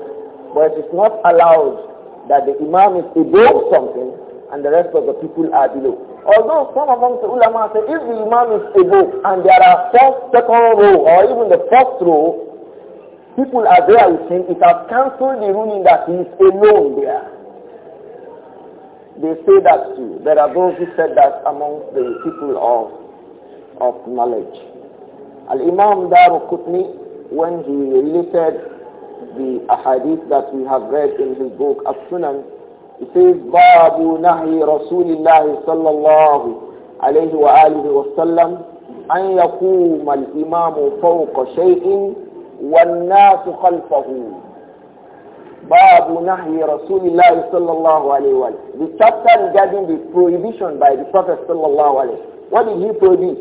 But it is not allowed that the imam is above something and the rest of the people are below. Although some among the ulama say if the imam is above and there are first, second row or even the first row, people are there with him, it has cancelled the ruling that he is alone there. They say that too. There are those who said that among the people of, of knowledge. Al-Imam Daru Qutni, when he related the ahadith that we have read in his book, As-Sunan, it says, Babu Nahi Rasulillah الله alayhi wa alihi wa sallam أن يقوم الإمام فوق شيء والناس خلفه باب نهي رسول الله صلى الله عليه وآله. the chapter regarding the prohibition by the Prophet صلى الله عليه وآله. what did he prohibit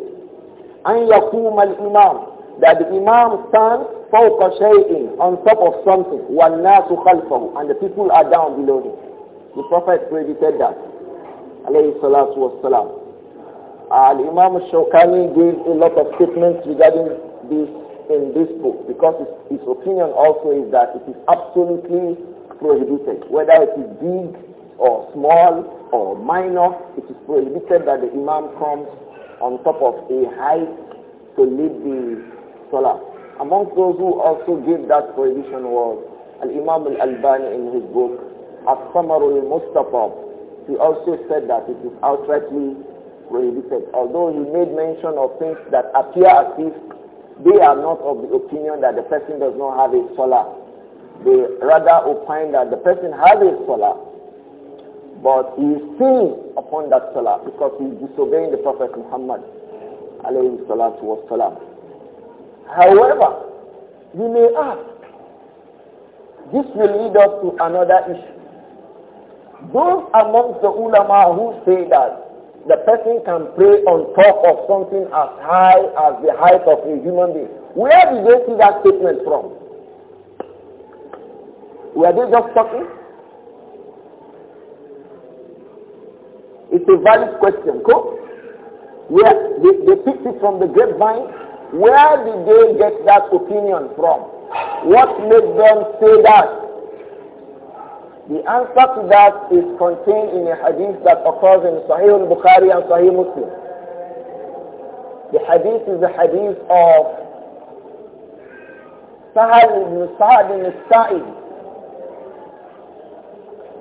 أن يقوم الإمام that the Imam stands فوق شيء on top of something والناس خلفه and the people are down below him the Prophet predicted that. Alayhi salatu wassalam. Al-Imam Shawkani gave a lot of statements regarding this in this book because his, his opinion also is that it is absolutely prohibited. Whether it is big or small or minor, it is prohibited that the Imam comes on top of a height to lead the Salah. Amongst those who also gave that prohibition was Al-Imam Al-Albani in his book as-Samarul Mustafa, he also said that it is outrightly prohibited. Although he made mention of things that appear as if they are not of the opinion that the person does not have a salah. They rather opine that the person has a salah, but he is upon that salah because he is disobeying the Prophet Muhammad However, you may ask, this will lead us to another issue. Those amongst the ulama who say that the person can pray on top of something as high as the height of a human being, where did they see that statement from? Were they just talking? It's a valid question. Go. Where they, they picked it from the grapevine. Where did they get that opinion from? What made them say that? The answer to that is contained in a hadith that occurs in Sahih al-Bukhari and Sahih Muslim. The hadith is the hadith of Sahal ibn Sa'd ibn Sa'id,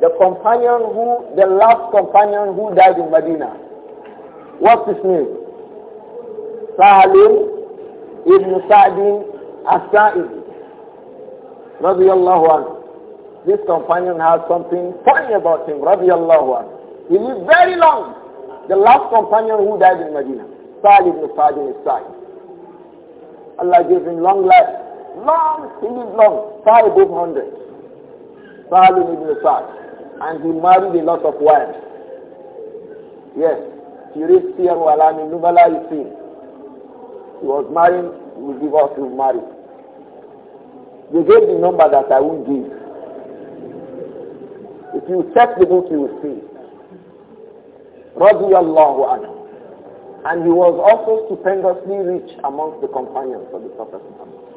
the companion who, the last companion who died in Medina. What's his name? Sahalim ibn Sa'd as-Sa'id, radiyallahu anhu. This companion has something funny about him, radiallahu anhu. He lived very long. The last companion who died in Medina, Salih ibn Sa'd ibn sa Allah gave him long life. Long, he lived long, far above 100. sa ibn Sa'd. And he married a lot of wives. Yes, he reached here while I'm in Nubala, you see. He was married, we give us his marriage. They gave the number that I won't give. If you check the book, you will see. Radiallahu And he was also stupendously rich amongst the companions of the Prophet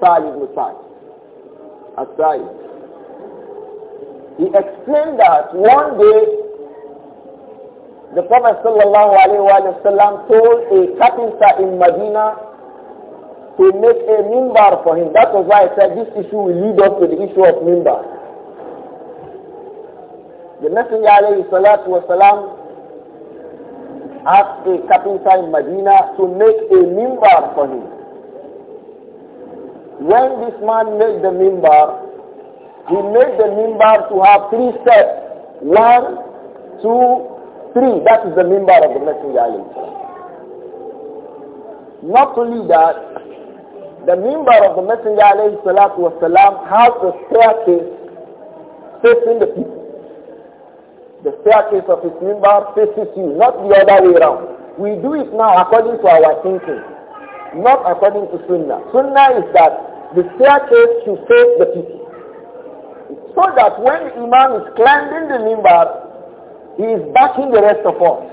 Sa'id ibn Sa'id. Aside. He explained that one day the Prophet sallallahu alaihi wasallam told a carpenter in Medina to make a mimbar for him. That was why I said this issue will lead us to the issue of mimbar. The Messenger alayhi salatu wasalam asked a carpenter in Medina to make a mimbar for him. When this man made the mimbar, he made the mimbar to have three steps. One, two, three. That is the mimbar of the Messenger alayhi salam. Not only that, the mimbar of the Messenger alayhi salatu wasalam has a staircase facing the people. The staircase of his member faces you, not the other way around. We do it now according to our thinking, not according to Sunnah. Sunnah is that the staircase should face the people. So that when the Imam is climbing the member, he is backing the rest of us.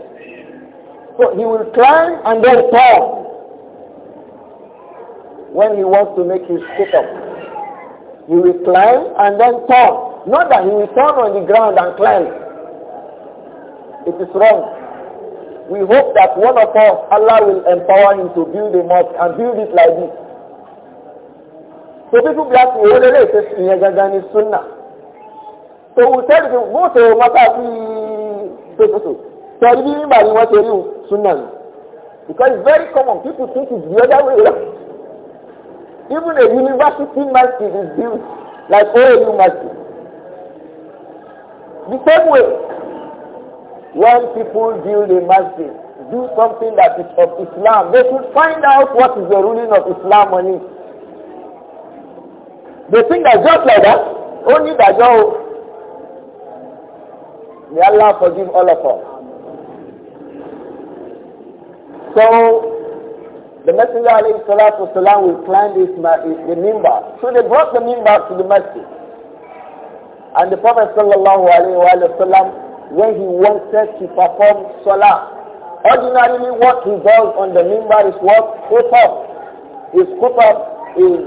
So he will climb and then turn. when he wants to make his sit up. He will climb and then turn. Not that he will turn on the ground and climb. It is wrong. We hope that one of us, Allah will empower him to build a mosque and build it like this. So people be asking, wọ́n lè lè ṣe ìyẹn gangan ní Sunnah. So we tell them mo ṣe o mọ́tà sí pépòtò. Sọ̀rí bí nígbà ni wọ́n ṣe rí Sunnah Because it's very common, people think it's the other way around. Even a university masjid is built like all OAU masjid. The same way. when people build a masjid, do something that is of Islam, they should find out what is the ruling of Islam on it. They think that just like that, only that you May Allah forgive all of us. So, the Messenger alayhi salatu wasalam will climb his, the mimbar. So they brought the mimbar to the masjid. And the Prophet sallallahu alayhi wa sallam when he wanted to perform salah. Ordinarily what he does on the mimbar is what? Khutbah. he khutbah, his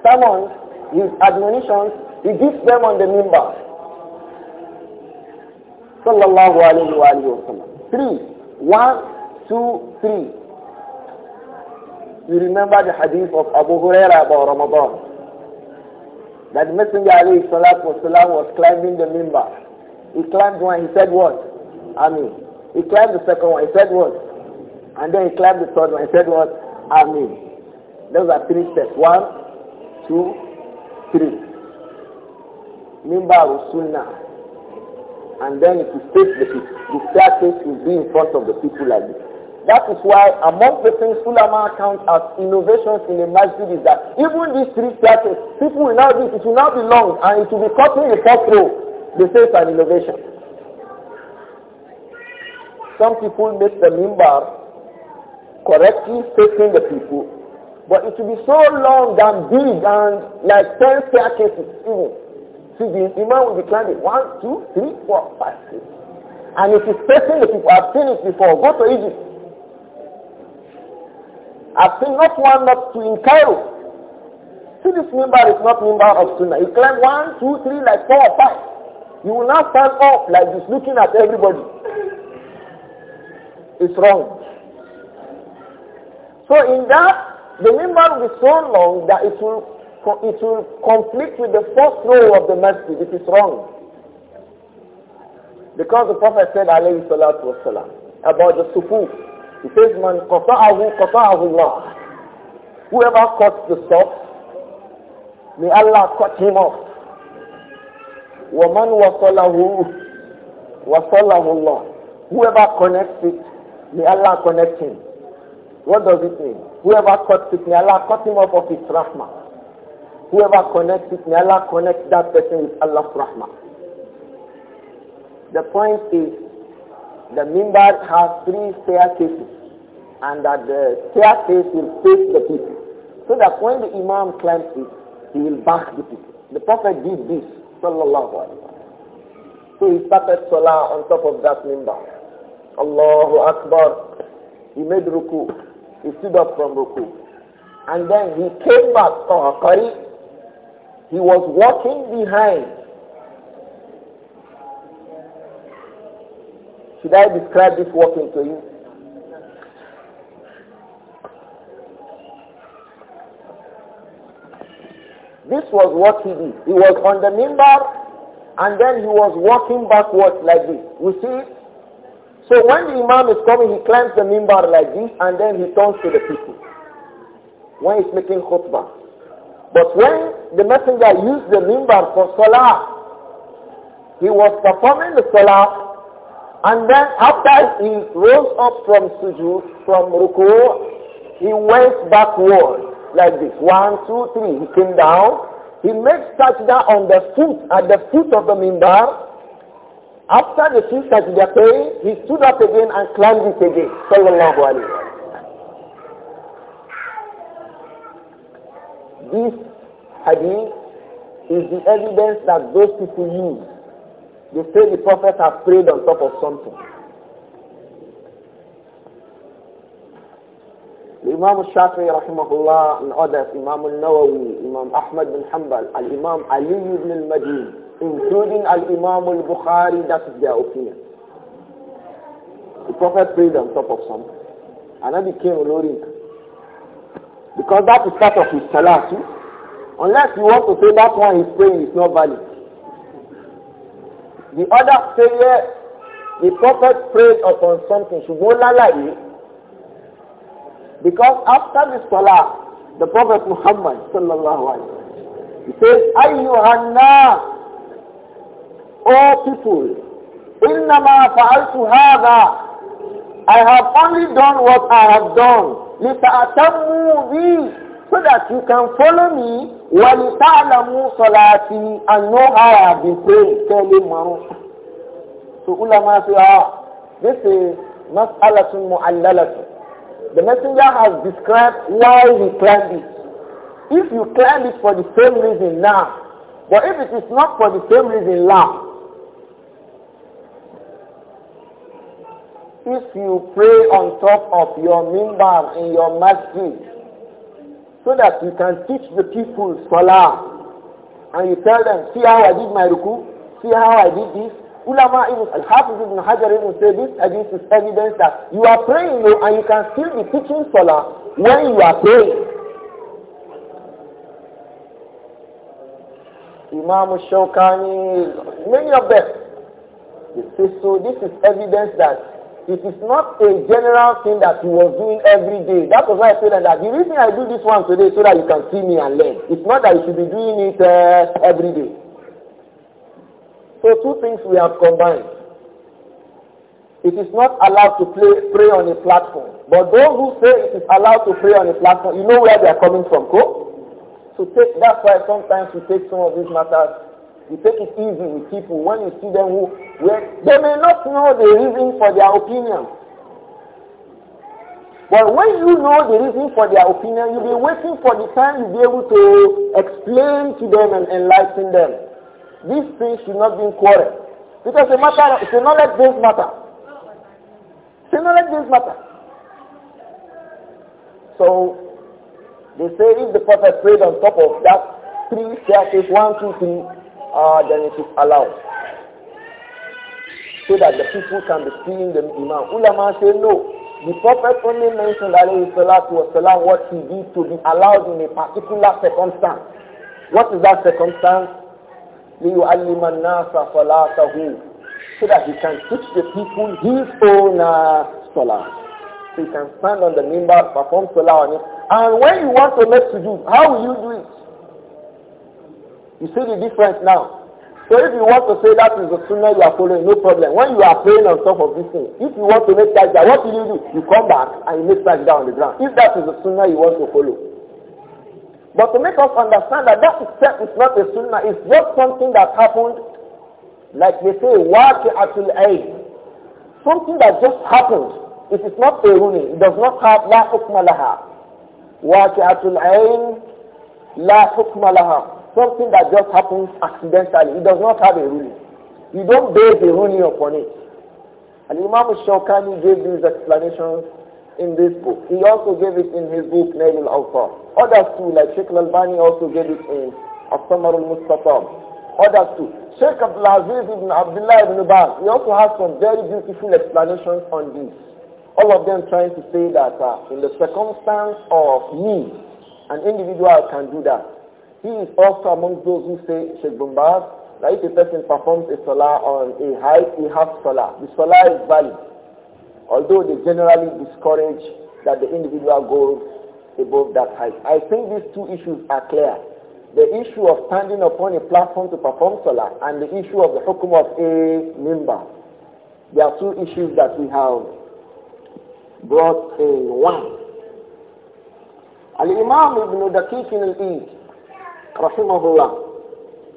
sermons, his admonitions, he gives them on the mimbar. Sallallahu alayhi wa alayhi wa sallam. Three. One, two, three. You remember the hadith of Abu Huraira about Ramadan. That Messenger alayhi salatu was climbing the mimbar. He climbed one, he said what? Amin. He climbed the second one, he said what? And then he climbed the third one, he said what? Amin. Those are three steps. One, two, three. Mimbar Sunnah. And then it will face the people. The staircase will be in front of the people like this. That is why among the things Ulama count as innovations in the masjid is that even these three staircases, people will now be, it will now be long and it will be cutting the first row. This is an innovation. Some people make the mimbar correctly facing the people, but it will be so long and big and like 10 staircases even. See, the imam will be climbing 1, 2, 3, 4, 5, 6. And it is facing the people. I've seen it before. Go to Egypt. I've seen not one, not two in Cairo. See, this member is not member of Sunnah. He climbed one, two, three, like four or five you will not stand up like this looking at everybody. It's wrong. So in that, the member will be so long that it will it will conflict with the first row of the masjid. It is wrong. Because the Prophet said alayhi salatu wasalam about the sufu. He says, Man qata'ahu qata'ahu Allah. Whoever cuts the stops, may Allah cut him off. وَمَنْ وَصَلَهُ وَصَلَهُ اللَّهُ Whoever connects it, may Allah connect him. What does it mean? Whoever cuts it, may Allah cut him off of his rahmah. Whoever connects it, may Allah connect that person with Allah's rahmah. The point is, the mimbar has three staircases, and that the staircase will face the people. So that when the imam climbs it, he will back the people. The Prophet did this. Sallallahu alayhi wa So he started salah on top of that minbar. Allahu Akbar. He made ruku. He stood up from ruku. And then he came back to Haqari. He was walking behind. Should I describe this walking to you? This was what he did. He was on the mimbar and then he was walking backwards like this. You see? So when the imam is coming, he climbs the mimbar like this and then he turns to the people when he's making khutbah. But when the messenger used the mimbar for salah, he was performing the salah and then after he rose up from sujood, from ruku, he went backward like this. One, two, three. He came down. He made sajda on the foot, at the foot of the minbar. After the two sajda pay, he stood up again and climbed it again. Sallallahu alayhi wa This hadith is the evidence that those people use. They say the prophet has prayed on top of something. Imam Shafi'i rahimahullah and others, Imam al-Nawawi, Imam Ahmad bin Hanbal, Al-Imam Ali ibn al-Madini, including Al-Imam al-Bukhari, that is their opinion. The Prophet prayed on top of something. And I became lowering. Because that is part of his salat. Unless you want to say that one he's praying is not valid. The other prayer, the Prophet prayed upon something. Should go lie because after the salah, the Prophet Muhammad sallallahu alayhi wa sallam, he says, Ayyuhanna, O people, innama fa'altu hadha, I have only done what I have done. لِتَأْتَمُّوا بِي so that you can follow me وَلِتَعْلَمُوا صَلَاتِي and know how I have been praying. Tell him, So ulama say, ah, this is mas'alatun mu'allalatun. The messenger has described why he climbed it. If you climb it for the same reason now, but if it is not for the same reason now, if you pray on top of your mimbar in your masjid so that you can teach the people salah and you tell them, see how I did my ruku, see how I did this, Ulama even, Al-Hafiz ibn Hajar even say this hadith is evidence that you are praying you, and you can still be teaching Salah when you are praying. Imam Shawkani, many of them, they say so. This is evidence that it is not a general thing that he was doing every day. That was why I said that the reason I do this one today so that you can see me and learn. It's not that you should be doing it uh, every day. So two things we have combined. It is not allowed to play, pray on a platform. But those who say it is allowed to pray on a platform, you know where they are coming from, go? So take, that's why sometimes we take some of these matters, we take it easy with people when you see them who, where, they may not know the reason for their opinion. But when you know the reason for their opinion, you'll be waiting for the time you'll be able to explain to them and enlighten them. These things should not be in quarrel. Because the matter, it's a knowledge-based matter. It's a knowledge-based matter. So, they say if the prophet prayed on top of that three staircase, one, two, three, uh, then it is allowed. So that the people can be seeing the Imam. Ulama say no. The Prophet only mentioned alayhi salatu wasalam what he did to be allowed in a particular circumstance. What is that circumstance? لِيُعَلِّمَ النَّاسَ صَلَاتَهُ So that he can teach the people his own uh, salah. So you can stand on the mimbar, perform salah on it. And when you want to make sujood, how will you do it? You see the difference now. So if you want to say that is the sunnah you are following, no problem. When you are praying on top of this thing, if you want to make sajda, what will you do? You come back and you make down on the ground. If that is the sunnah you want to follow. But to make us understand that that itself is not a sunnah, it's just something that happened, like they say, waqi'atul ayn. Something that just happened. It is not a ruling. It does not have la hukma laha. Waqi'atul ayn, la hukma laha something that just happens accidentally. It does not have a ruling. You don't base a ruling upon it. And Imam Shawkani gave these explanations in this book. He also gave it in his book, Nail al Far. Others too, like Sheikh Al-Bani also gave it in Al-Samar al-Mustatab. Others too. Sheikh Abdul Aziz ibn Abdullah ibn Baz, he also has some very beautiful explanations on this. All of them trying to say that uh, in the circumstance of need, an individual can do that. He is also among those who say, Sheikh Bumbaz, that if a person performs a salah on a high, a half salah. The salah is valid. Although they generally discourage that the individual goes above that height. I think these two issues are clear. The issue of standing upon a platform to perform salah and the issue of the hukum of a member. There are two issues that we have brought in one. Al-Imam Ibn Daqiq al-Eid, rahimahullah,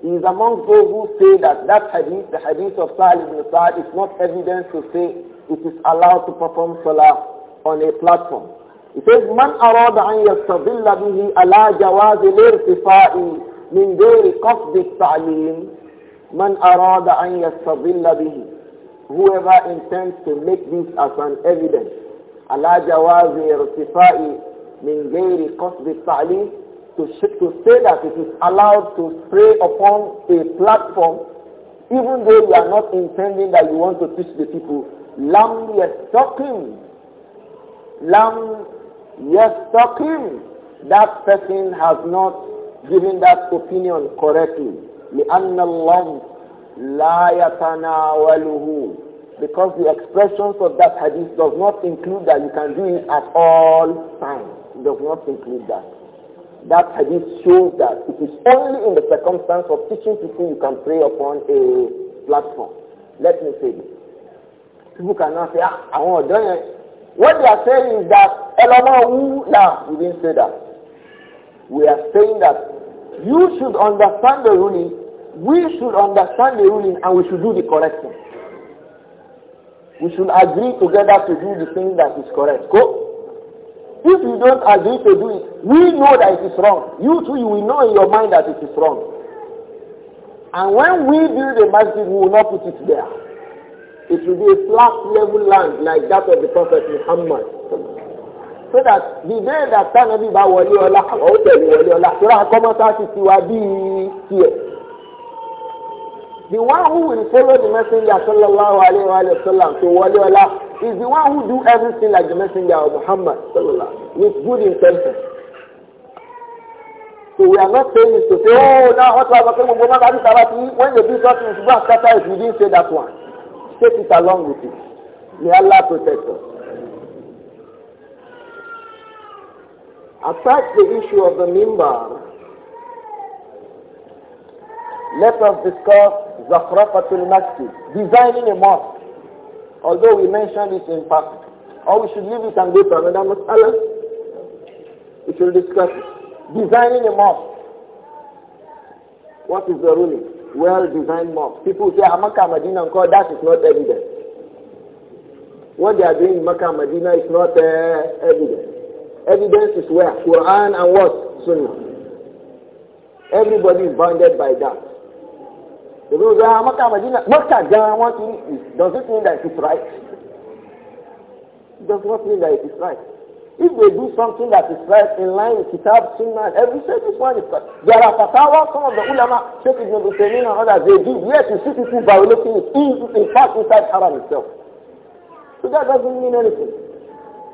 he is among those who say that that hadith, the hadith of Sa'al ibn Sa'ad, is not evidence to say it is allowed to perform salah on a platform. He says, من أراد أن يستظل به على جواز الارتفاع من غير قصد التعليم من أراد أن يستظل به whoever intends to make this as an evidence على جواز الارتفاع من غير قصد التعليم to, to say that it is allowed to spray upon a platform even though you are not intending that you want to teach the people lam yastaqim lam talking. that person has not given that opinion correctly لأن اللفظ لا يتناوله because the expressions of that hadith does not include that you can do it at all times it does not include that that hadith shows that it is only in the circumstance of teaching people you can pray upon a platform let me say this people cannot say ah to do it." What they are saying is that Elamahu, now, we didn't say that. We are saying that you should understand the ruling, we should understand the ruling, and we should do the correct thing. We should agree together to do the thing that is correct. Go. If you don't agree to do it, we know that it is wrong. You too, you will know in your mind that it is wrong. And when we build a masjid, we will not put it there. It should be a flat level land like that of the Prophet Muhammad. So that the day that Tanabi bá wọlé ọlá, àwọn ó tẹ̀lé wọlé ọlá, àkọ́mọ́tà ti tiẹ̀. The one who will follow the messenger sallallahu alayhi wa sallam to wali Allah is the one who do everything like the messenger of Muhammad sallallahu with good intention. So we are not saying this to say, oh, now what was I going do? When they do something, it's back, that is, we didn't say that one take it along with it. May Allah protect us. Aside the issue of the mimbar, let us discuss Zafrafatul Masjid, designing a mosque. Although we mentioned it in part, or we should leave it and go to another masala. We should discuss it. Designing a mosque. What is the ruling? well-designed mosques. People say, ah, Makkah, Medina, and that is not evidence. What they are doing in Makkah, Medina is not uh, evidence. Evidence is where? Quran and what? Sunnah. Everybody is bounded by that. The rules are ah, Makkah, Medina. Makkah, Jan, what is, does it mean that it is right? It does not mean that it is right. If they do something that is right in line with Kitab, Sunnah, every say this one is correct. There are fatawa, some of the ulama, Sheikh Ibn Husaymin and others, they do. Yes, you see people violating it, in fact inside Haram itself. So that doesn't mean anything.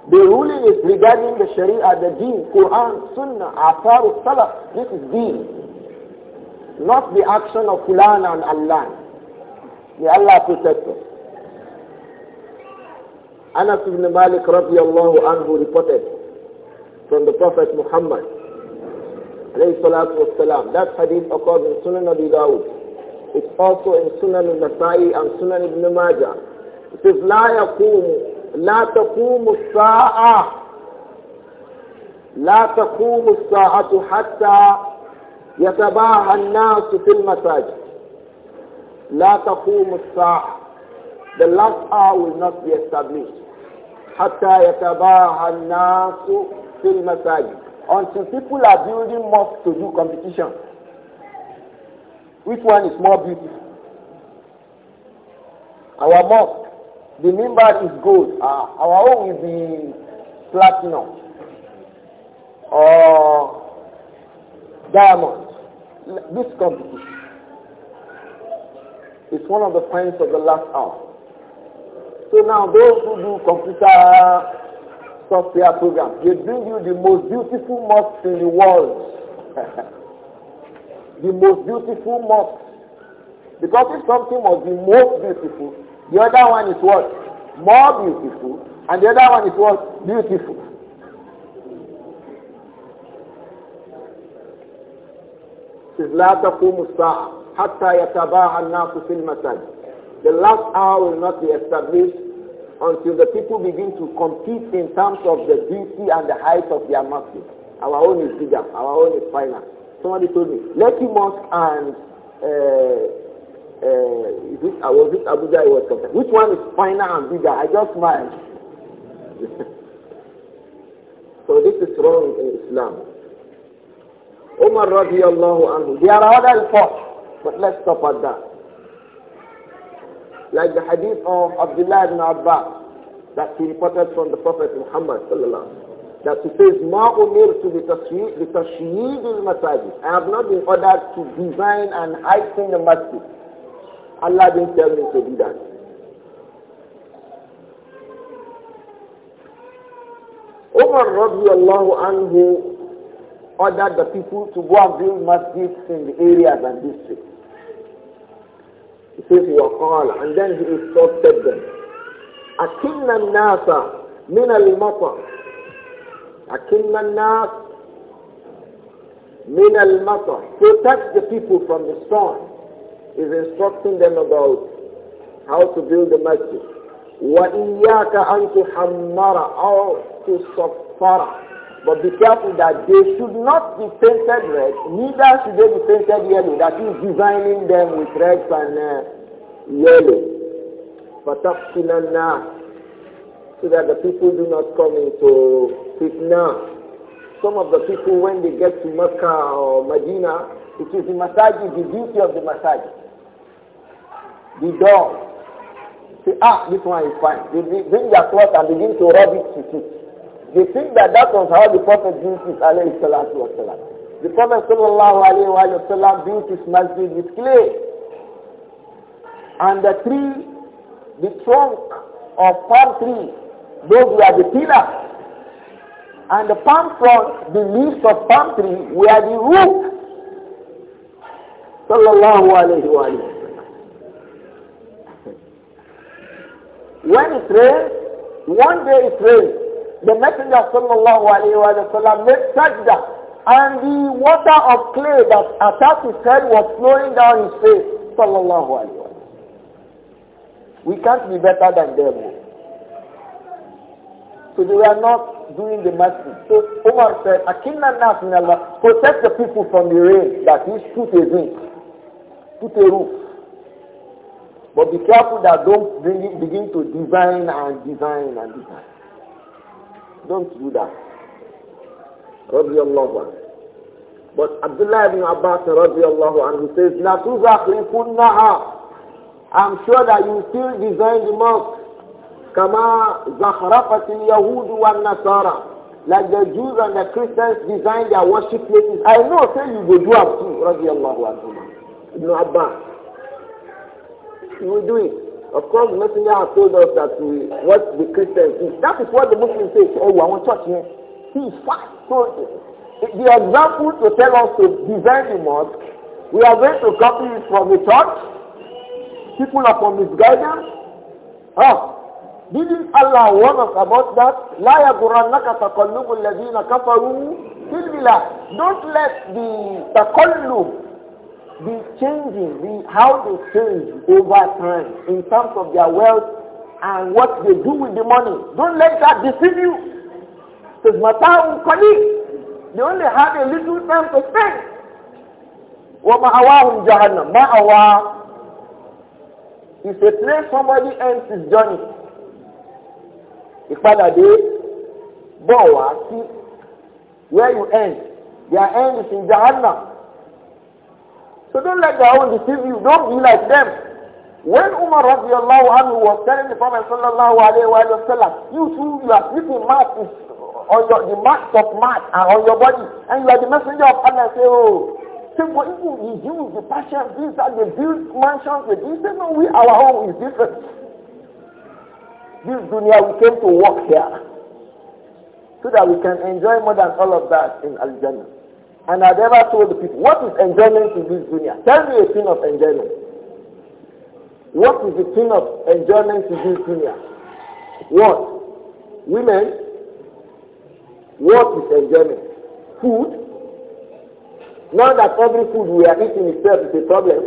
The ruling is regarding the Sharia, the Deen, Quran, Sunnah, Athar, Salah. This is Deen. Not the action of Fulan and Allah. May Allah protect us. Anas ibn Malik radiallahu anhu reported from the Prophet Muhammad alayhi salatu wasalam. That hadith occurs in Sunan Abi Dawud. It's also in Sunan al-Nasai and Sunan ibn Majah. It says, لا يقوم لا تقوم الساعة لا تقوم الساعة حتى يتباهى الناس في المساجد لا تقوم الساعة The last hour will not be established. Hatta يتباهى الناس في المساجد until people are building mosques to do competition. Which one is more beautiful? Our mosque, the member is gold. Uh, our own will be platinum or diamond. This competition is one of the signs of the last hour. So now those who do computer software programs, they bring you the most beautiful mosques in the world. the most beautiful mosque. Because if something was the most beautiful, the other one is what? More beautiful. And the other one is what? Beautiful. The last hour will not be established until the people begin to compete in terms of the beauty and the height of their mosque. Our own is bigger, our own is finer. Somebody told me, Lucky Mosque and uh, uh, is it, uh, was it Abuja it was concerned. Which one is finer and bigger? I just smiled. so this is wrong in Islam. Umar radiallahu anhu. There are other reports, but let's stop at that like the hadith of Abdullah ibn Abbas that he reported from the Prophet Muhammad that he says, Ma umir to the tashyid al-masajid. I have not been ordered to design and heighten the masjid. Allah didn't tell me to do that. Umar radiallahu anhu ordered the people to go and build masjids in the areas and districts. He says, وَقَالَ And then he instructed them. أَكِنَّ النَّاسَ مِنَ الْمَطَرِ أَكِنَّ النَّاسَ مِنَ الْمَطَرِ Protect the people from the storm. is instructing them about how to build the masjid. وَإِيَّاكَ أَن تُحَمَّرَ أَوْ تُصَفَّرَ but be careful that they should not be painted red, neither should they be painted yellow. That is designing them with red and uh, yellow. Fatafsinana. So that the people do not come into fitna. Some of the people, when they get to Mecca or Medina, it is the masajid, the duty of the masajid. The door. Say, ah, this one is fine. They bring their cloth and begin to rub it to it. They think that that was how the Prophet Jesus his alayhi salatu wasalam. The Prophet sallallahu alayhi wa sallam built his masjid with clay. And the tree, the trunk of palm tree, those were the pillars. And the palm trunk, the leaves of palm tree were the roof. Sallallahu alayhi wa sallam. When it rains, one day it rains, the Messenger sallallahu alayhi wa sallam made sajda and the water of clay that attacked his head was flowing down his face sallallahu alayhi wa We can't be better than them. Oh. So they were not doing the mercy. So Omar said, Akinna nas min Allah, protect the people from the rain that is put a roof. Put a roof. But be careful that don't begin to design and design and design. Don't do that. Radiallahu anhu. But Abdullah ibn Abbas radiallahu anhu says, لَتُزَخْرِفُنَّهَا I'm sure that you still design the mosque. كَمَا زَخْرَفَتِ الْيَهُودُ Nasara, Like the Jews and the Christians design their worship places. I know, say you will do it too, radiallahu anhu. Ibn Abbas. You will do it. Of course, messenger has told us that we, what the Christians is. That is what the Muslims say. Oh, I want church here. is fast. So the example to tell us to design the mosque, we are going to copy it from the church. People are from misguidance. Ah, didn't Allah warn us about that? لا يغرنك تقلب الذين كفروا في البلاد. Don't let the تقلب be changing, the, how they change over time in terms of their wealth and what they do with the money. Don't let that deceive you. Because Mata'un Qali, they only have a little time to spend. وَمَأَوَاهُمْ جَهَنَّمْ مَأَوَاهُمْ is a place somebody ends his journey. Ìpadàdé bọ̀ wá see where you end. Their end is in Jahannam. So don't let the own deceive you. Don't be like them. When Umar radiallahu anhu was telling the Prophet sallallahu alayhi wa sallam, you too, you are sleeping mark is on your, the marks of mark are uh, on your body and you are the messenger of Allah. Say, oh, say, for even the Jews, the Persians, these are the built mansions, the these say, no, we, our home is different. This dunya, we came to work here so that we can enjoy more than all of that in Al-Jannah. And i never told the people, what is enjoyment in this dunya? Tell me a thing of enjoyment. What is the thing of enjoyment in this dunya? What? Women? What is enjoyment? Food? Not that every food we are eating itself is a problem.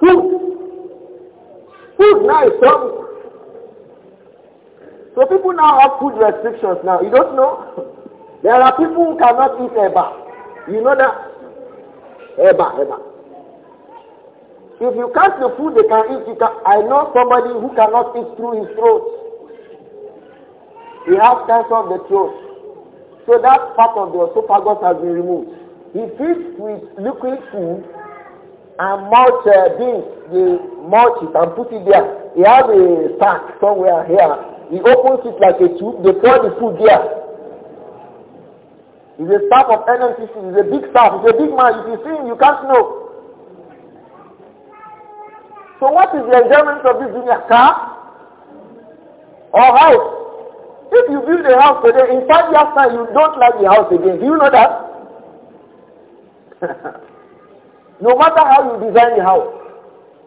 Food. Food now is something. So people now have food restrictions now. You don't know? There are people who cannot eat eba. You know that? Eba, eba. If you catch the food they can eat, you can. I know somebody who cannot eat through his throat. He has cancer of the throat. So that part of the esophagus has been removed. He feeds with liquid food and mulch uh, beans. They mulch it and put it there. He has a sack somewhere here. He opens it like a tube. They pour the food there. He's a staff of NNCC. He's a big staff. He's a big man. If you see him, you can't know. So what is the enjoyment of this a car or house? If you build a house today, in five years time you don't like the house again. Do you know that? no matter how you design the house,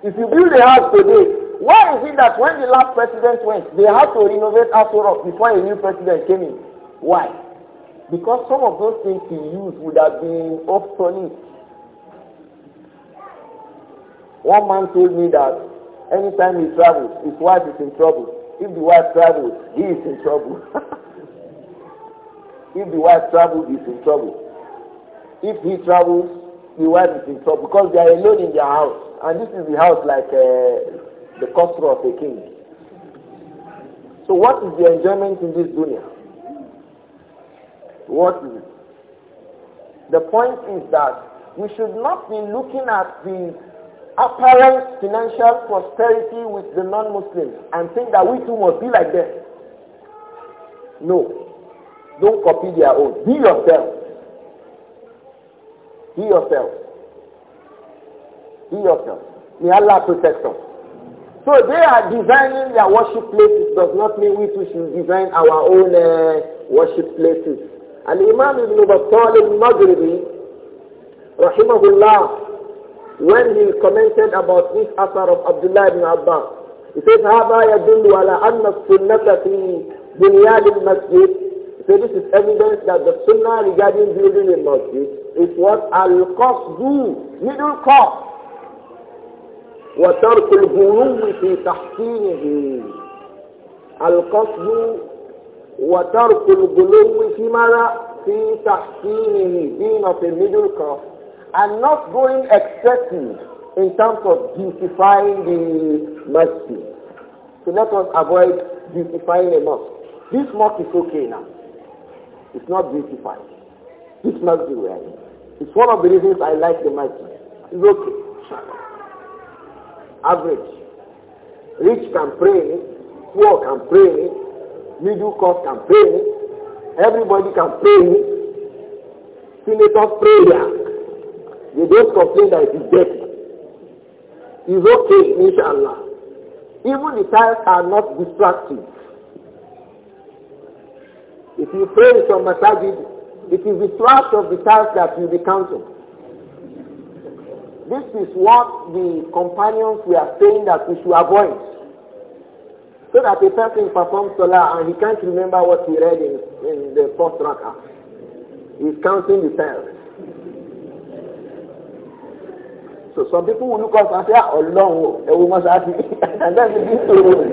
if you build a house today, why is it that when the last president went, they had to renovate after all before a new president came in? Why? Because some of those things he used would have been obsolete. One man told me that anytime he travels, his wife is in trouble. If the wife travels, he is in trouble. if the wife travels, he is in trouble. If he travels, the wife is in trouble because they are alone in their house. And this is the house like uh, the castle of a king. So what is the enjoyment in this dunya? What is it? The point is that we should not be looking at the apparent financial prosperity with the non-Muslims and think that we too must be like them. No. Don't copy their own. Be yourself. Be yourself. Be yourself. May Allah protect us. So they are designing their worship places does not mean we too should design our own uh, worship places. الإمام Ibn Battal المغربي رحمه الله when he commented about this أثر of Abdullah ibn Abbas he says هذا يدل على أن السنة في بنيان المسجد so this is evidence that the sunnah regarding building a masjid is what al-qasdu middle cost. وترك الغلو في تحسينه القصد وترك الغلو في ماذا في تحسينه being of a middle class and not going excessive in terms of beautifying the mosque, so let us avoid beautifying a mosque this mosque is okay now it's not beautified this masjid we are it's one of the reasons I like the mosque. it's okay average rich can pray poor can pray Middle class can pay Everybody can pay him. Senators pay him. They don't complain that it is dirty. It's okay, inshallah. Even the tiles are not distracting. If you pray your masajid, it is the trust of the tiles that will be counted. This is what the companions were saying that we should avoid. So that a person performs salah and he can't remember what he read in, in the first rak'ah. He's counting the time. So some people will look up and say, ah, we a woman's asking, and that's the big story.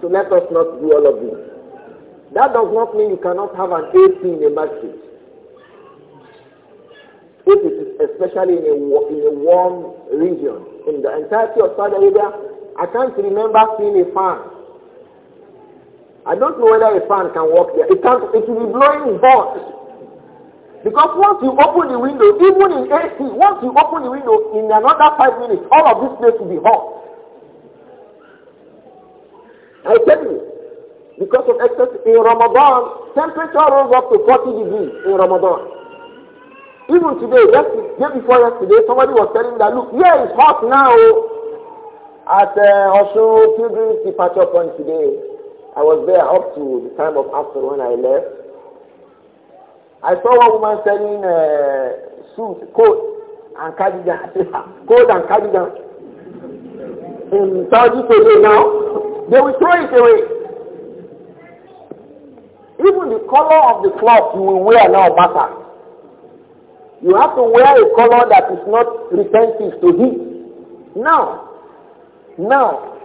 So let us not do all of this. That does not mean you cannot have an AC in a masjid. If it is especially in a, in a warm region, in the entirety of Saudi Arabia, I can't remember seeing a fan. I don't know whether a fan can work there. It can't, it will be blowing hot. Because once you open the window, even in AC, once you open the window, in another five minutes, all of this place will be hot. I tell you, because of excess in Ramadan, temperature rose up to 40 degrees in Ramadan. Even today, yesterday, day before yesterday, somebody was telling me that, look, here is hot now at uh, Osho Pilgrim's departure point today. I was there up to the time of after when I left. I saw a woman selling uh, suit, coat, and cardigan. coat and cardigan. In Saudi today now, they will throw it away. Even the color of the cloth you will wear now matters. You have to wear a color that is not retentive to heat. Now, now,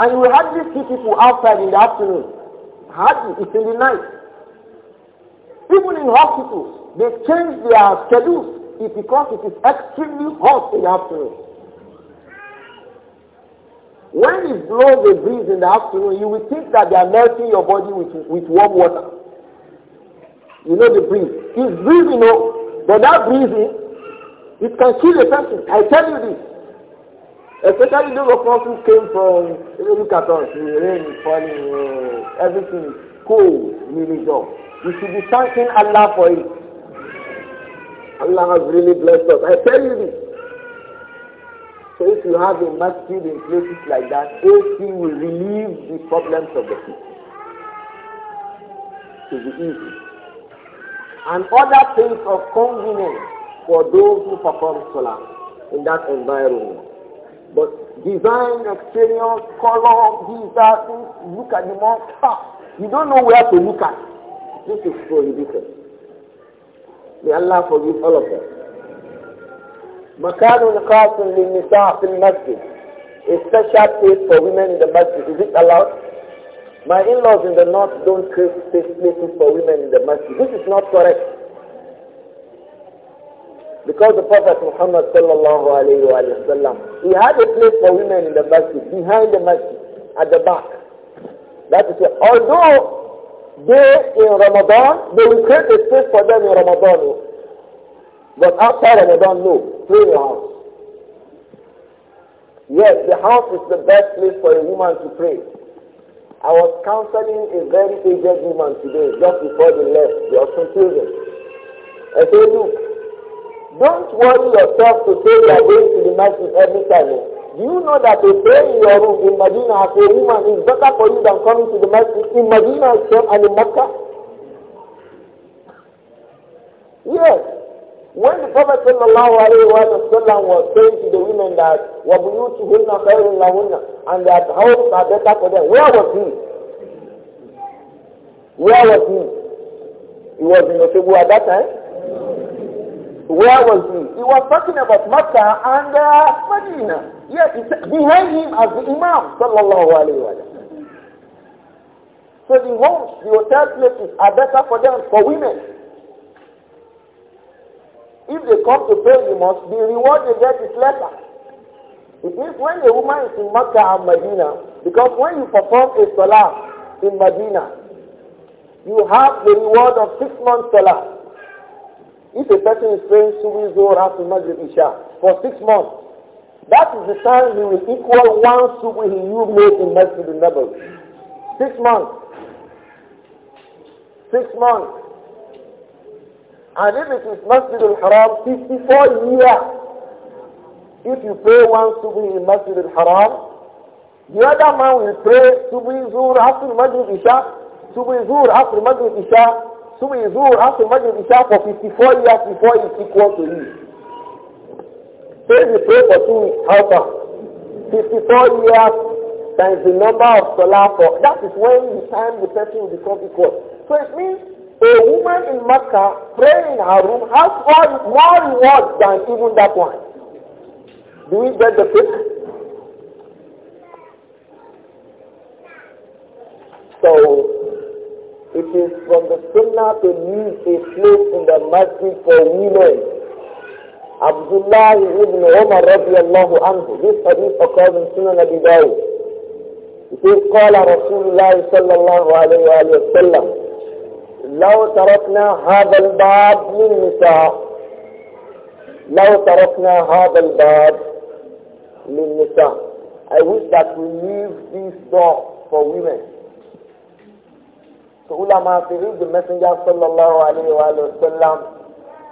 and you hardly see people outside in the afternoon. Hardly, it's in the night. Even in hospitals, they change their schedules because it is extremely hot in the afternoon. When it blows a breeze in the afternoon, you will think that they are melting your body with, with warm water. You know the breeze. It's breeze, you know, but that breathing, it can kill a person. I tell you this. Especially those of us who came from, look at us, rain falling, uh, everything cold, really job. We should be thanking Allah for it. Allah has really blessed us. I tell you this. So if you have a masjid in places like that, AC will relieve the problems of the people. It will be easy and other things of convenience for those who perform salah in that environment. But design, experience, color, these are things, look at the mosque, ah, you don't know where to look at. This is prohibited. May Allah forgive all of us. مكان خاص للنساء في masjid. A special place for women in the masjid. Is it allowed? My in-laws in the north don't create safe places for women in the masjid. This is not correct. Because the Prophet Muhammad sallallahu alayhi wa sallam, he had a place for women in the masjid, behind the masjid, at the back. That is it. although they in Ramadan, they will create a space for them in Ramadan. Oh. But outside Ramadan, no. Pray in your house. Yes, the house is the best place for a woman to pray. I was counseling a very aged woman today, just before they left, the Austin children. I said, look, don't worry yourself to say you are going to the masjid every time. Do you know that a prayer in your room in Medina as a woman is better for you than coming to the masjid in Medina itself and in Mecca? Yes. When the Prophet وسلم, was saying to the women that وَبُيُوتُهُنَّ خَيْرٌ لَهُنَّ and that houses are better for them, where was he? Where was he? He was in the at that time. Where was he? He was talking about Mecca and uh, Medina. Yes, behind him as the Imam sallallahu alayhi wa So the homes, the hotel places are better for them, for women. If they come to pay the mosque, the reward they get is lesser. It means when a woman is in Makkah and Medina, because when you perform a salah in Medina, you have the reward of six months salah. If a person is praying Subi Zohar after Maghrib Isha for six months, that is the time he will equal one Subi he you made in Masjid Nabawi. Six months. Six months. And if it is Masjid al-Haram, 54 years. If you pray one Subhi in Masjid al-Haram, the other man will pray Subhi Zuhr after Maghrib Isha, Subhi Zuhr after Maghrib Isha, Subhi Zuhr after Maghrib Isha for 54 years before it's equal to you. Say you pray for two weeks, how far? 54 years times the number of Salah for, that is when the time the person will become equal. So it means a woman in Mecca praying in her room has more, more reward than even that one. Do we get the picture? So, it is from the sunnah to leave a place in the masjid for women. Abdullah ibn Umar radiallahu anhu, this hadith occurs in Sunan Abi Dawud. It is called Rasulullah sallallahu alayhi wa sallam. لو تركنا هذا الباب للنساء لو تركنا هذا الباب للنساء I wish that we leave this door for women. So ulama say the messenger sallallahu alayhi wa sallam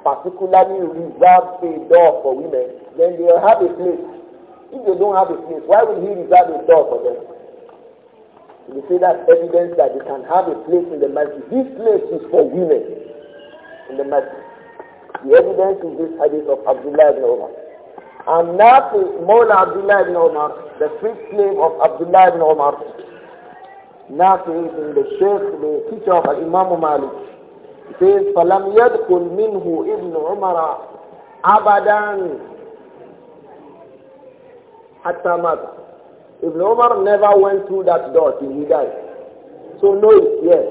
particularly reserved a door for women, then they will have a place. If they don't have a place, why would he reserve a door for them? We say that evidence that they can have a place in the masjid. This place is for women in the masjid. The evidence is this hadith of Abdullah ibn Omar. And that is Mawla Abdullah ibn Umar, the fifth name of Abdullah ibn Umar. Nafi in the Sheikh, the teacher of Imam Malik. He says, فَلَمْ يَدْخُلْ مِنْهُ إِبْنُ عُمَرَ أَبَدًا حَتَّى مَاتَ if Omar never went through that door till he died. So know it, yes.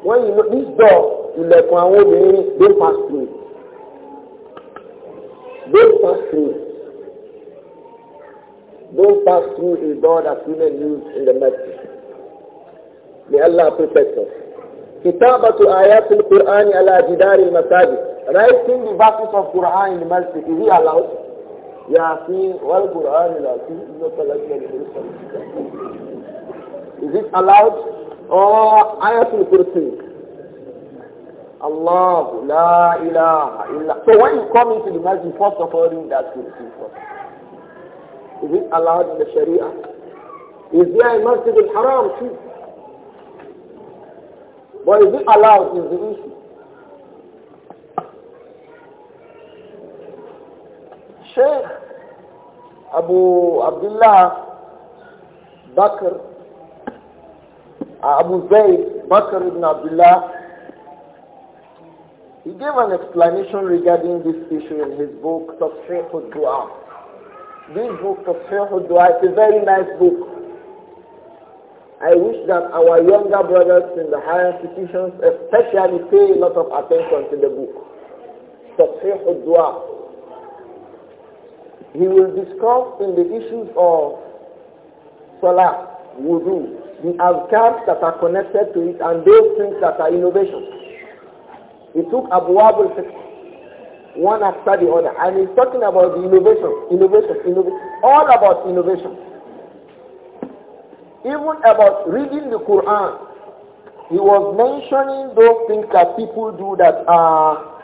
When you know this door, ilẹ̀kùn àwọn obìnrin don't pass through it. Don't pass through it. Don't pass through a door that women use in the masjid. May Allah protect us. كتابة آيات القرآن على جدار المساجد. Writing the verses of Quran in the masjid, is he allowed? Yasin, wal Quran Is it allowed? Or oh, Ayatul Kursi? Allah, la ilaha illa. So when you come into the masjid, first of all, read that Kursi first. Is it allowed in the Sharia? Is there a Masjid al-Haram too? But is it allowed is the issue. Shaykh Abu Abdullah Bakr uh, Abu Zayd Bakr ibn Abdullah he gave an explanation regarding this issue in his book Tafsir al-Dua this book Tafsir al-Dua is a very nice book I wish that our younger brothers in the higher institutions especially pay a lot of attention to the book Tafsir al-Dua he will discuss in the issues of Salah, Wudu, the azkar that are connected to it and those things that are innovations. He took Abu Abul one after the other and he's talking about the innovation, innovation, innovation, all about innovation. Even about reading the Quran, he was mentioning those things that people do that are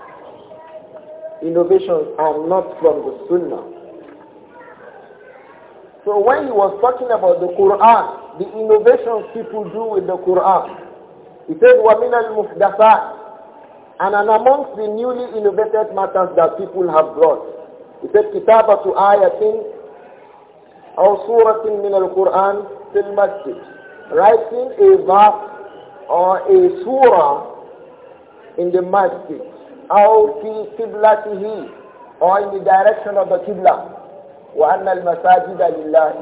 innovations and not from the Sunnah. So when he was talking about the Quran, the innovations people do with the Quran, he said, وَمِنَ الْمُحْدَثَاتِ And an amongst the newly innovated matters that people have brought, he said, كِتَابَةُ آيَةٍ أَوْ سُورَةٍ مِنَ الْقُرْآنِ فِي الْمَسْجِدِ Writing a verse or a surah in the masjid, أَوْ فِي قِبْلَتِهِ or in the direction of the Qibla. وأن المساجد لله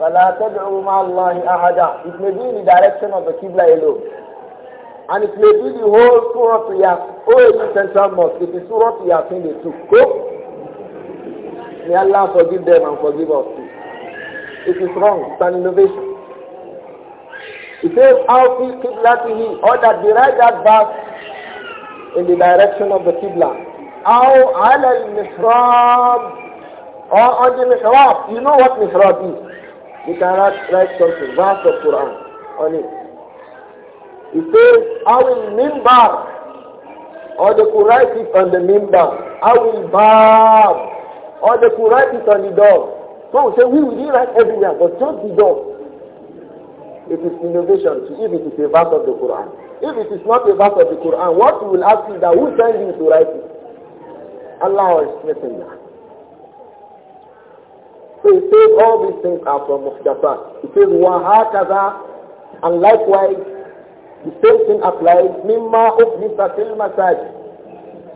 فلا تدعوا مع الله أحدا It may be in the direction of the Qibla alone. And it may be the whole Surah to Yasin. Oh, central mosque. It is Surah to Yasin they took. Go. May Allah forgive them and forgive us too. It is wrong. It's an innovation. It says, how fi Qiblatihi, or that write that back in the direction of the Qibla. أو على المحراب or on the mihrab, you know what mihrab is. You can write, write something, verse of Quran on it. It says, I will mimbar. Or they could write it on the mimbar. I will bab. Or they could write it on the door. So we say, we will write everywhere, but just the door. It is innovation to if it is a verse of the Quran. If it is not a verse of the Quran, what we will ask is that who sent you to write it? Allah is Messenger. So he says all these things are from Muhdafat. He says, وَهَكَذَا And likewise, the same thing applies, Mimma أُحْدِثَ فِي الْمَسَاجِ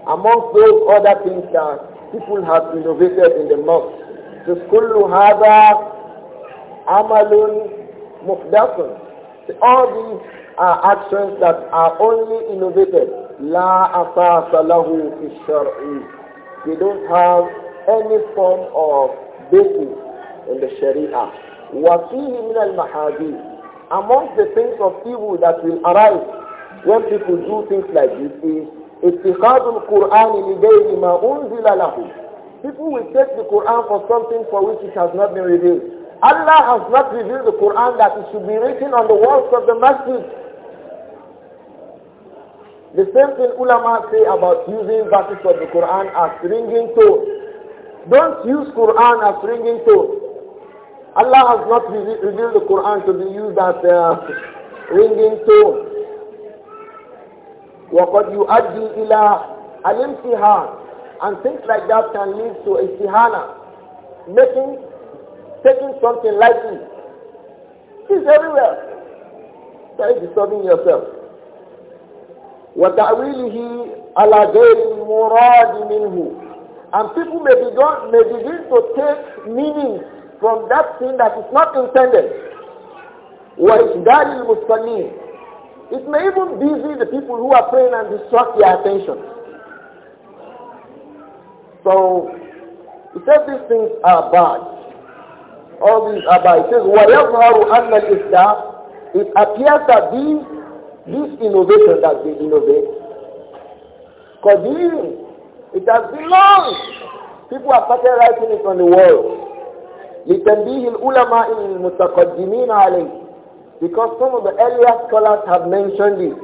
Amongst those other things that people have innovated in the mosque. So كُلُّ هَذَا Amalun, مُحْدَثٌ all these are actions that are only innovated. La asasa salahu fi They don't have any form of basis in the Sharia. وَفِيهِ مِنَ الْمَحَادِيثِ amongst the things of evil that will arise when people do things like this is اتخاذ القرآن لغير ما أنزل له. People will take the Quran for something for which it has not been revealed. Allah has not revealed the Quran that it should be written on the walls of the masjid. The same thing ulama say about using verses of the Quran as ringing tones. Don't use Quran as ringing tone. Allah has not revealed the Quran to be used as a ringing tone. وَقَدْ يُؤَدِّي إِلَىٰ الْإِمْتِحَانِ And things like that can lead to istihana, making, taking something lightly. It's everywhere. Try disturbing yourself. وتأويله على غير المراد منه and people may begin, may begin to take meaning from that thing that is not intended. وَإِشْدَارِ الْمُسْلِمِينَ It may even busy the people who are praying and distract their attention. So, he says these things are bad. All these are bad. It says, وَيَظْهَرُ is الْإِسْلَامِ It appears that these, this innovation that they innovate, because. It has been long. People have started writing it on the wall. لتنبيه العلماء المتقدمين عليه because some of the earlier scholars have mentioned it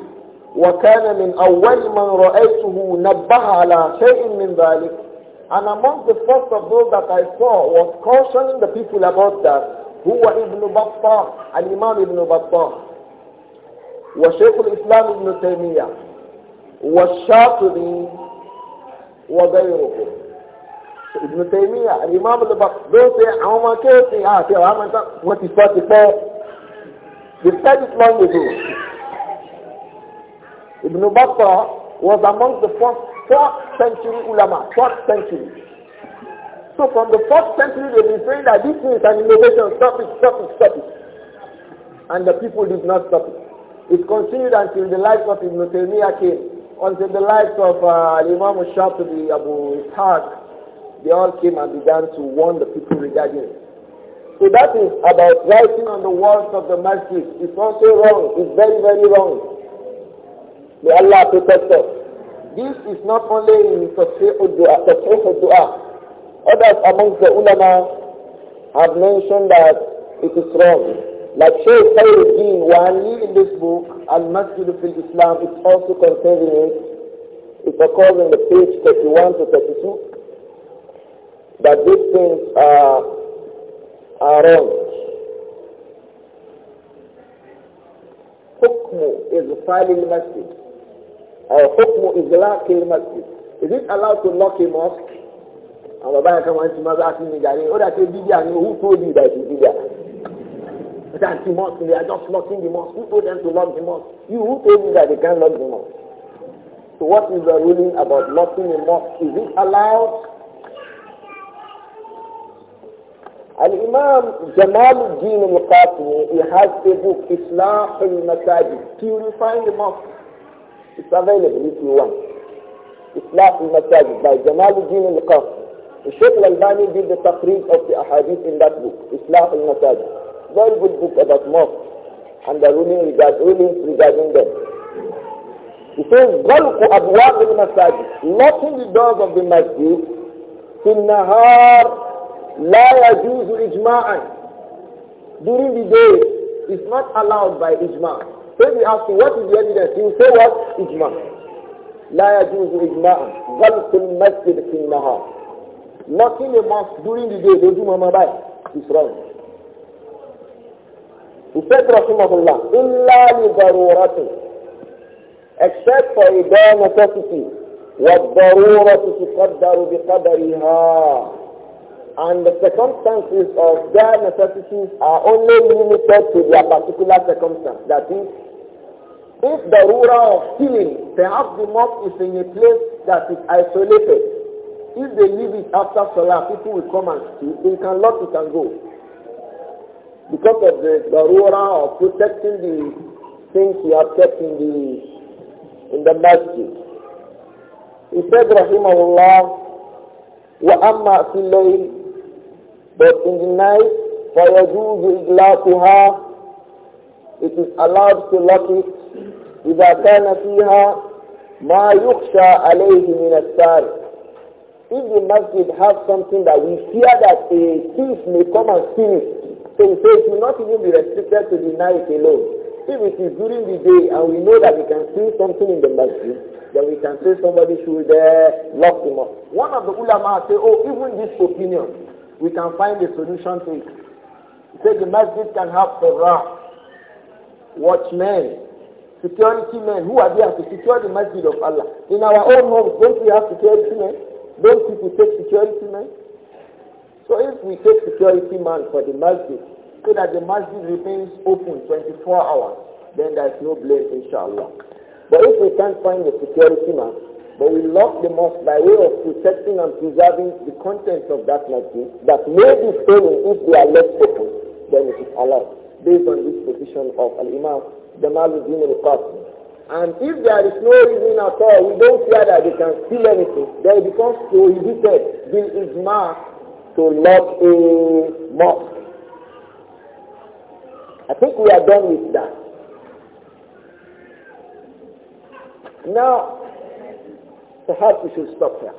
وكان من أول من رأيته نبه على شيء من ذلك and among the first of those that I saw was cautioning the people about that who were هو ابن and الإمام ابن بطة وشيخ الإسلام ابن تيمية والشاطبي وغيرهم ابن تيمية الإمام البطوسي عمر كيفي ها في عام what is 44 they said it long ago Ibn Battah was among the first 4th century ulama 4th century so from the 4th century they were been saying that this is an innovation stop it stop it stop it and the people did not stop it it continued until the life of Ibn Taymiyyah came until the likes of uh, Imam Shafi'i, Abu Ishaq, they all came and began to warn the people regarding it. So that is about writing on the walls of the masjid. It's also wrong. It's very, very wrong. May Allah protect us. This is not only in Tafsir dua Others amongst the ulama have mentioned that it is wrong. Like Shaykh Khairuddin while in this book, Al-Masjid fil Islam, it's also contained in it. It occurs in the page 31 to 32 that these things are, are wrong. حكم إغفال المسجد أو حكم إغلاق المسجد Is it allowed to lock a mosque? àwọn bàbá yẹn to wọ́n ti máa bá a fi ní ìjà ni ó dà da who told you that it's bíbí àní the mosque. They are just mocking the mosque. Who told them to love the mosque? You, who told you that they can't love the mosque? So what is the ruling about locking a mosque? Is it allowed? Al-Imam Jamal al-Din al-Qasimi, he has a book, Islah al-Masajid, Purifying the Mosque. It's available if you want. Islah al-Masajid by Jamal al-Din al-Qasimi. Sheikh Al-Bani did the taqreed of the ahadith in that book, Islah al-Masajid very good book about mosques and the ruling regard, rulings regarding them. He says, غَلْقُ أَبْوَابِ الْمَسَاجِدِ Locking the doors of the masjid فِي النَّهَارِ لَا يَجُوزُ إِجْمَاعًا During the day, it's not allowed by ijma. So we ask you, what is the evidence? You say what? Ijma. لا يجوز إجماعا غلق المسجد في النهار Locking the mosque during the day, they do mama by. It's wrong. He said, Rahimahullah, إِلَّا لِضَرُورَةٍ Except for a bare necessity, وَالضَّرُورَةُ تُقَدَّرُ بِقَدَرِهَا And the circumstances of their necessities are only limited to their particular circumstance. That is, if the rural of killing, perhaps the mosque is in a place that is isolated. If they leave it after Salah, people will come and see. They can lock it and go because of the garura of protecting the things he has kept in the in the masjid. He said Rahimahullah wa amma الليل but in the night فيجوز إغلاقها it is allowed to lock it إذا كان فيها ما يخشى عليه من السارق if the masjid has something that we fear that a thief may come and steal it so we say it will not even be restricted to the night alone. If it is during the day and we know that we can see something in the masjid, then we can say somebody should uh, lock him up. One of the ulama say, oh, even this opinion, we can find a solution to it. He said the masjid can have surah, watchmen, security men who are there to secure the masjid of Allah. In our own homes, don't we have security men? Don't people take security men? So if we take security man for the masjid, so that the masjid remains open 24 hours, then there's no blame, inshallah. But if we can't find the security man, but we lock the mosque by way of protecting and preserving the contents of that masjid that may be stolen if they are left open, then it is allowed, based on this position of Al-Imam Jamaluddin al-Qasim. And if there is no reason at all, we don't fear that they can steal anything, then it becomes prohibited, bil-ijma' to love a mosque. I think we are done with that. Now, perhaps we should stop here.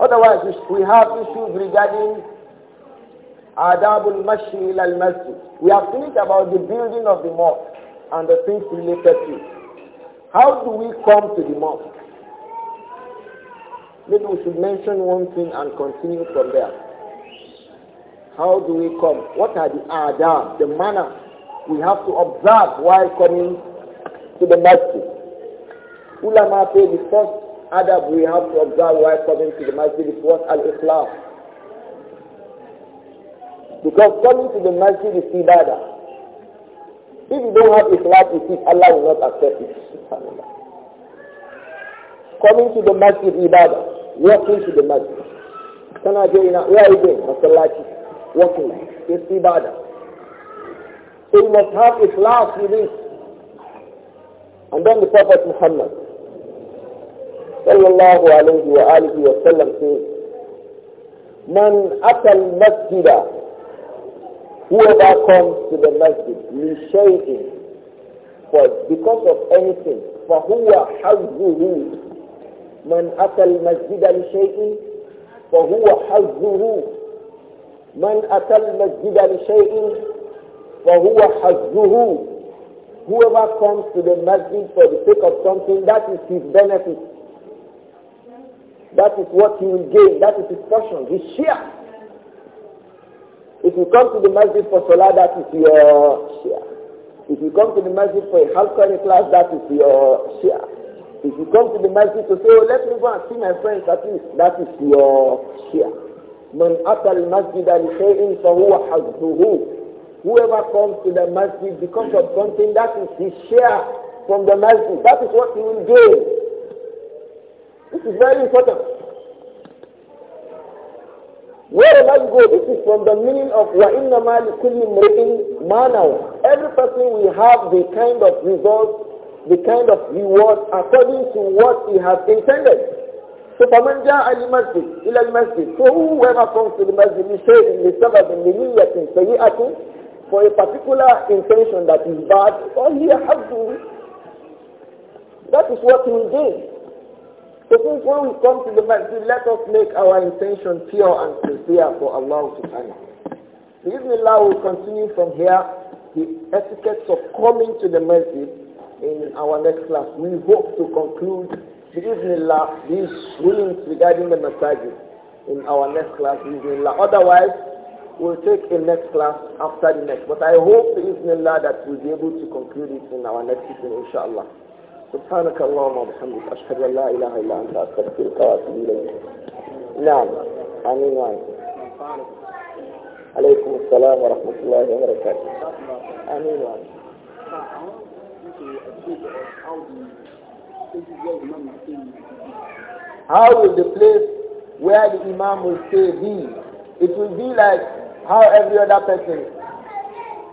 Otherwise, we have issues regarding Adabul Mashi al Masjid. We have finished about the building of the mosque and the things related to it. How do we come to the mosque? Maybe we should mention one thing and continue from there. How do we come? What are the adab, the manner we have to observe while coming to the masjid? Ulama say the first adab we have to observe while coming to the masjid is what? Al-Ikhlas. Because coming to the masjid is ibadah. If you don't have ikhlas Allah will not accept it. Coming to the masjid ibadah, walking to the masjid. Can I join now? Where are you going? working life. It's ibadah. So you must have ikhlas with it. And then the Prophet Muhammad sallallahu alayhi wa alihi wa sallam says, Man atal masjidah whoever comes to the masjid lishay'in for because of anything فهو حظه من أتى المسجد لشيء فهو حظه من أتى المسجد لشيء فهو حظه Whoever comes to the masjid for the sake of something, that is his benefit. That is what he will gain. That is his portion, his share. If you come to the masjid for salah, that is your share. If you come to the masjid for a halqa class, that is your share. If you come to the masjid to say, oh, let me go and see my friends at least, that is your share. من أتى المسجد لشيء فهو حظه whoever comes to the masjid because of something that is his share from the masjid that is what he will gain this is very important wherever you go this is from the meaning of وَإِنَّمَا لِكُلِّ امْرِئٍ مَا نَوَى every person will have the kind of result the kind of reward according to what he has intended so فَمَنْ جَاءَ الْمَسْجِدِ إِلَى الْمَسْجِدِ So whoever comes to the masjid, "We says in the sabbath, in the niyat, in sayyat, for a particular intention that is bad, all he has to. That is what he did. So since when we come to the masjid, let us make our intention pure and sincere for Allah subhanahu Even Bismillah will continue from here the etiquettes of coming to the masjid in our next class. We hope to conclude Bismillah, these rulings regarding the masajid in our next class, Bismillah. Otherwise, we'll take a next class after the next. But I hope, Bismillah, that we'll be able to conclude it in our next session, inshallah. سبحانك اللهم وبحمدك أشهد أن لا إله إلا أنت أستغفرك وأتوب إليك نعم آمين وأنت عليكم السلام ورحمة الله وبركاته آمين وأنت how will the place where the Imam will stay be? It will be like how every other person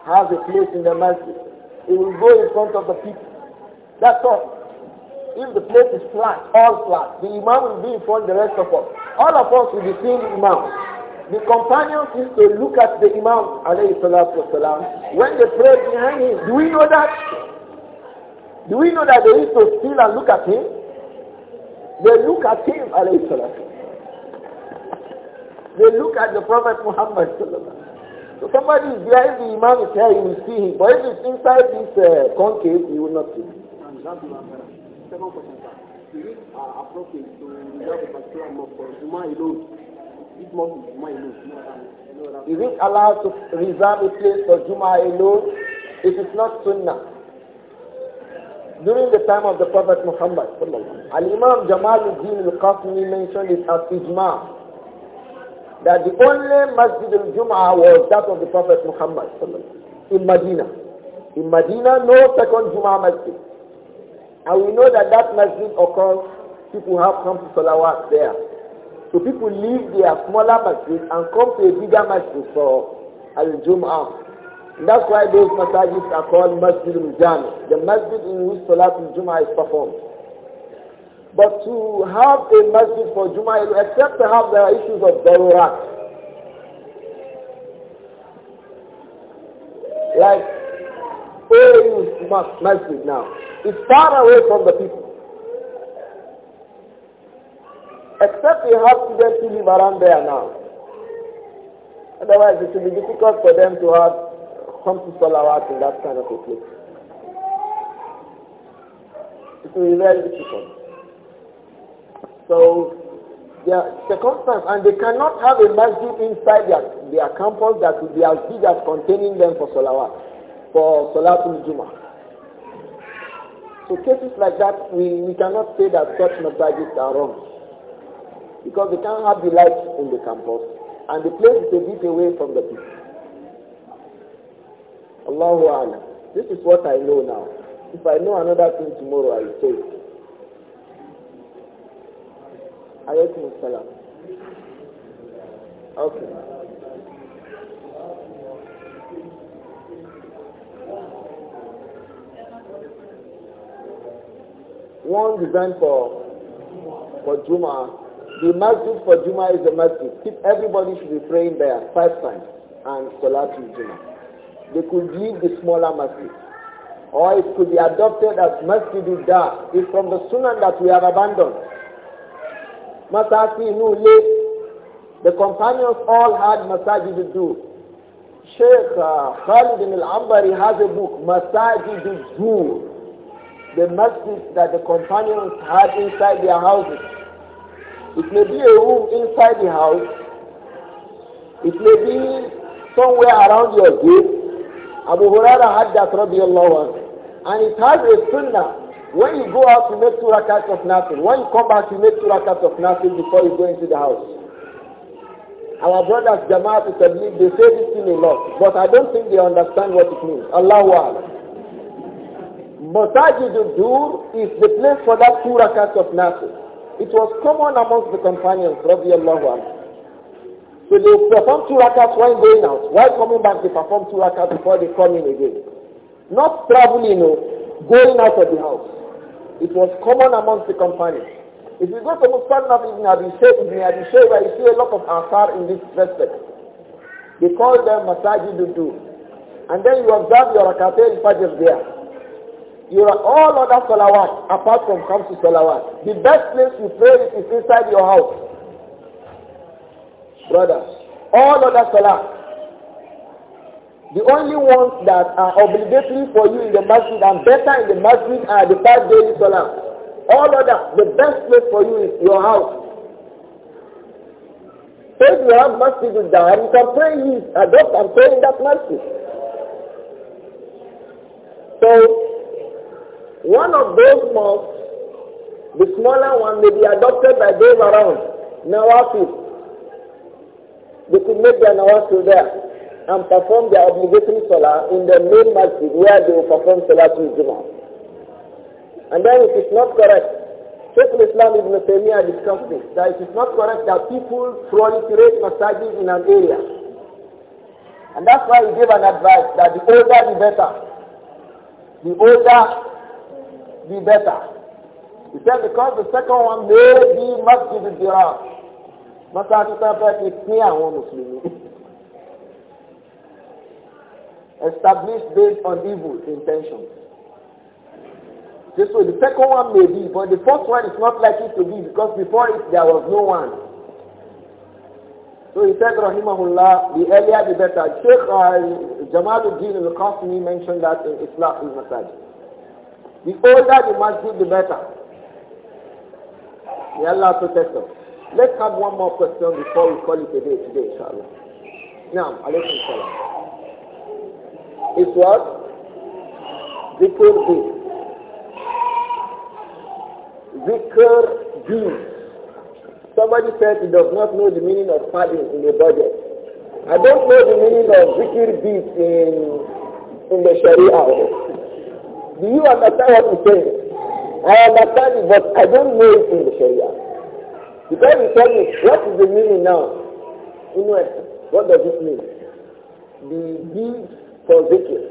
has a place in the masjid. It will go in front of the people. That's all. If the place is flat, all flat, the Imam will be in front of the rest of us. All of us will be seeing the Imam the companions used to look at the Imam alayhi salatu wasalam when they prayed behind him. Do we know that? Do we know that they used to steal and look at him? They look at him, alayhi They look at the Prophet Muhammad So somebody is behind the Imam is here, you will see him. But if it's inside this uh, concave, you will not see him. Is it to reserve a Is it allowed to reserve a place for Juma alone? It is not Sunnah during the time of the Prophet Muhammad, Al-Imam Jamaluddin al-Qasmi mentioned it as ijma, that the only Masjid al-Jum'ah was that of the Prophet Muhammad in Medina. In Medina, no second Jum'ah Masjid. And we know that that Masjid occurs, people have come to Salawat there. So people leave their smaller Masjid and come to a bigger Masjid for Al-Jum'ah. And that's why those masajids are called Masjid al the masjid in which Salat al-Jum'ah is performed. But to have a masjid for Jum'ah, except to have the issues of Darurat. Like AU's masjid now. It's far away from the people. Except you have students who live around there now. Otherwise it will be difficult for them to have come to Salawat in that kind of a place. It will be very difficult. So their circumstance and they cannot have a masjid inside their, their campus that would be as big as containing them for salawat, for salatul juma. So cases like that, we, we cannot say that such masajids are wrong. Because they can't have the light in the campus and the place is a bit away from the people. Allahu Alam. This is what I know now. If I know another thing tomorrow, I will say it. Alaykum salam. Okay. One designed for for Juma. The masjid for Juma is a masjid. Everybody should be praying there five times and Salatul Juma. They could leave the smaller masjid. Or it could be adopted as masjid dar. It's from the sunnah that we have abandoned. Masasi nu The companions all had masajid do. Sheikh uh, Khalid bin al-Ambari has a book, Masajid al-Zur, the masjid that the companions had inside their houses. It may be a room inside the house. It may be somewhere around your gate. Abu Huraira had that radiallahu anhu. And it has a sunnah. When you go out, you make two rakats of nothing. When you come back, you make two rakats of nothing before you go into the house. Our brothers, Jamaat Tabligh, they say this thing a lot. But I don't think they understand what it means. Allahu Akbar. Masajid al-Dur is the place for that two rakats of nothing. It was common amongst the companions, radiallahu anhu. So they perform two rakats while going out. While coming back, they perform two rakats before they come in again. Not traveling, no, going out of the house. It was common amongst the companions. If you go to Mustadnaf ibn Abi Shaykh, ibn Abi you see a lot of asar in this respect. They call them masajidudu. And then you observe your rakatel fajr there. You are all other salawat apart from comes to salawat. The best place you pray is inside your house. Brothers, all other salah, the only ones that are obligatory for you in the masjid and better in the masjid are the five daily salah. All other, the best place for you is your house. if you have masjid with that, you can pray his adopt uh, and pray in that masjid. So, one of those mosques, the smaller one, may be adopted by those around. Now, what is they could make their to there and perform their obligatory salah in the main masjid where they will perform salatul Juma. And then it is not correct Sheikh Islam Ibn Taymiyyah discussed this, that it is not correct that people proliferate masajid in an area. And that's why he gave an advice that the older the better. The older the better. He said because the second one may be Masjid al mọ́sáàtì tó fẹ́ fi pín àwọn mùsùlùmí established based on evil intention. This way, the second one may be, but the first one is not likely to be because before it there was no one. So he said, Rahimahullah, the earlier the better. Sheikh uh, Jamaluddin al Qasimi mentioned that in Islam al-Masajid. The older the masjid, the better. May Allah protect us. Let's have one more question before we call it a day today, inshallah. Now, alaykum salam. It's what? Zikr deeds. Zikr deeds. Somebody said he does not know the meaning of padding in a budget. I don't know the meaning of zikr deeds in, in the Sharia. Do you understand what he's saying? I understand it, but I don't know it in the Sharia. Because we tell me, what is the meaning now? You know what does it mean? The deeds for zikr.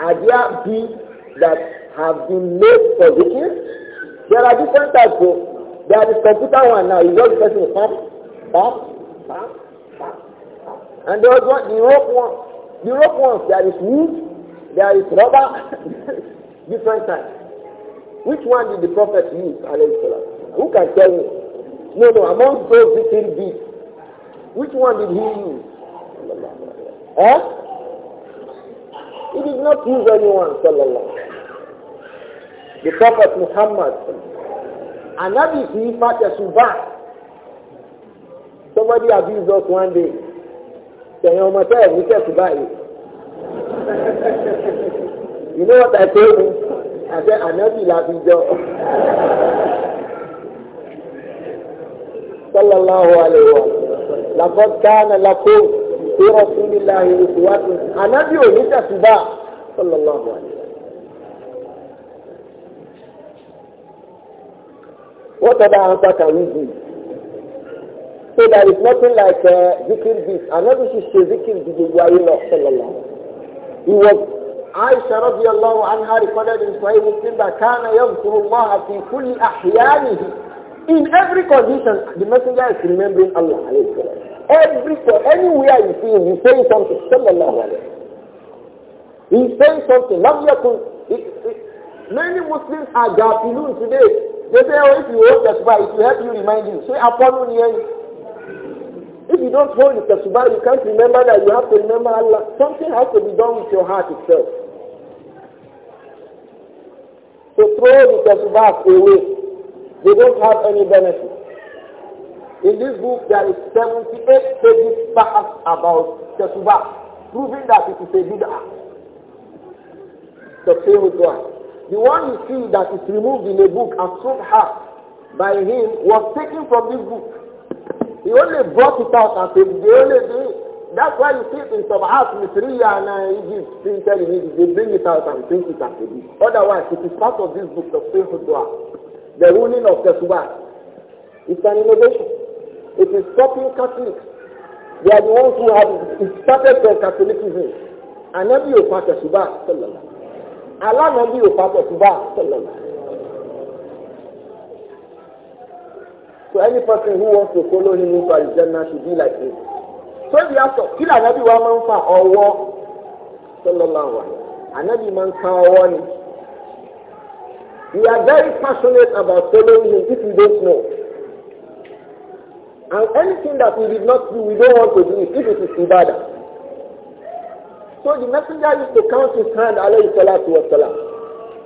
Are there deeds that have been made for zikr? There are different types of, there are the computer one now, you just press the pump, pump, pump, pump. And there was one, the rope one, the rope one, there is wood, there is rubber, different types. Which one did the Prophet use, don't salam? Who can tell me? No, no, among those little bits, which one did he use? Huh? Eh? He did not use anyone, sallallahu The Prophet Muhammad, and that is he fought subah. Somebody abused us one day. Say, oh my God, we can't subah you. know what I told him? I said, I know you love الله عليه وسلم لقد كان لكم في رسول الله أسوة النبي نتسبا صلى الله عليه وسلم What about answer can we give? So there is nothing like uh, Zikir this. Another she says zikr this is why Allah sallallahu alayhi wa sallam. He was Aisha radiallahu anha recorded in Sahih Muslim that كان يذكر الله في كل أحيانه In every condition, the messenger is remembering Allah. Every, anywhere you see him, he's saying something. Sallallahu alayhi He's saying something. Lam yakun. Many Muslims are gafilun today. They say, oh, if you hold the tashbah, it will help you remind you. Say, upon If you don't hold the tasubah, you can't remember that you have to remember Allah. Something has to be done with your heart itself. So throw the tasubah away. They don't have any benefit. In this book, there is 78 pages about Ketubah, proving that it is a bid'ah. The The one you see that is removed in a book as Subha by him was taken from this book. He only brought it out and said, they only do it. That's why you see it in some house in Syria and he's been telling me They bring it out and bring it as a book. Otherwise, it is part of this book, the Sehudwa. the ruling of Teshuvah. It's an innovation. It is stopping Catholics. They are the ones who have started from Catholicism. Ànábì ò pa Teshuvah sọ̀lọ̀lá. Alánàbì ò pa Teshuvah sọ̀lọ̀lá. So any person who wants to follow him into Aljanna should be like this. So the actor, kí làwọn bí wa man ń fa ọwọ́ sọ̀lọ̀lá wà? Ànábì máa ń man ọwọ́ ni. We are very passionate about following him if we don't know. And anything that we did not do, we don't want to do it if it is ibadah. So the messenger used to count his hand, alayhi salatu salam.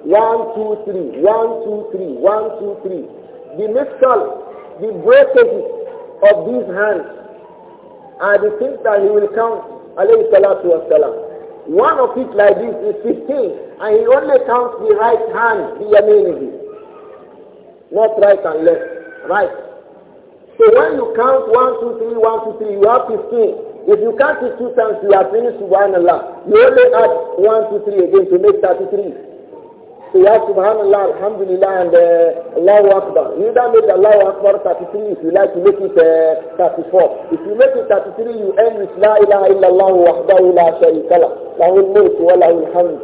One, two, three, one, two, three, one, two, three. The mishkal, the breakages of these hands are the things that he will count, alayhi salatu salam. One of it like this is 15, and he only counts the right hand, the amenity, Not right and left, right. So when you count 1, 2, 3, 1, 2, 3, you have 15. If you count it two times, you have finished subhanallah. You only add 1, 2, 3 again to make 33. So you have subhanallah, alhamdulillah, and uh, Allahu Akbar. You don't make Allahu Akbar 33 if you like to make it uh, 34. If you make it 33, you end with La ilaha illallah wahdahu la sharika lah. Lahul mulk wa lahul hamd.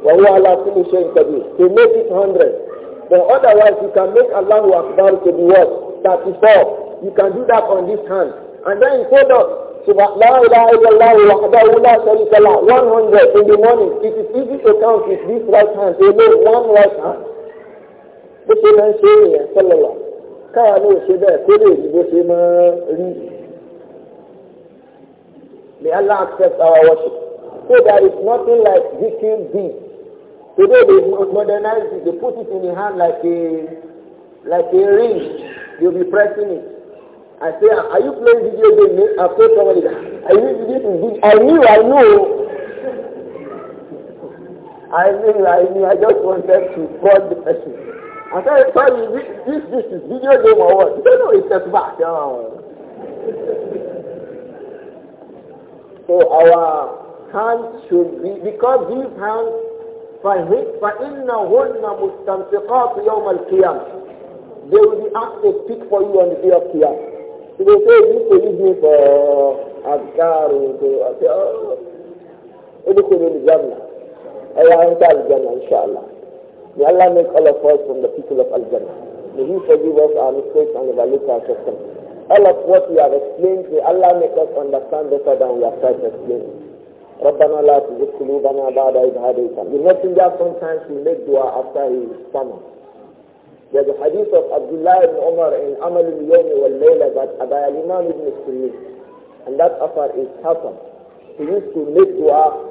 Wa huwa ala kulli shay'in qadir. To make it 100. But otherwise, you can make Allahu Akbar to be what? 34. You can do that on this hand. And then you hold up. Subhan la ilaha illallah wahdahu la sharika lah. 100 in the morning. It is easy to count with this right hand. They know one right hand. Bó ṣe máa ń ṣe èèyàn sọ́lọ́lá. Káwa náà ṣe bẹ́ẹ̀ kó lè rí bó ṣe máa rí. May Allah accept our worship. So there is nothing like zikir deed. Today they modernize it. They put it in the hand like a like a ring. You'll be pressing it. I say, are you playing video game? I play somebody. Are you video I knew, I knew. I knew, I knew. I just wanted to call the person. I said, sorry, this, this, this is video game or what? No, no, it's just back. Oh. so our hands should be, because these hands, فَإِنَّهُنَّ مُسْتَمْسِقَاتُ يَوْمَ الْقِيَامَةِ they will be asked to speak for you on the day of Qiyamah. He will say, you could use me for Azkar, to, I say, oh, ادخلوا الجنة أي أنت الجنة إن شاء الله May Allah make all of us from the people of Al-Jannah. May He forgive us our mistakes and evaluate our shortcomings. All of what we have explained, may Allah make us understand better than we have tried to explain. ربنا لا تزغ قلوبنا بعد إذ هديتنا. The messenger sometimes we make dua after he is there's a hadith of Abdullah ibn Umar in Amal al-Yawmi wal-Layla that al Imam ibn Sirin. And that affair is Hassan. He used to make dua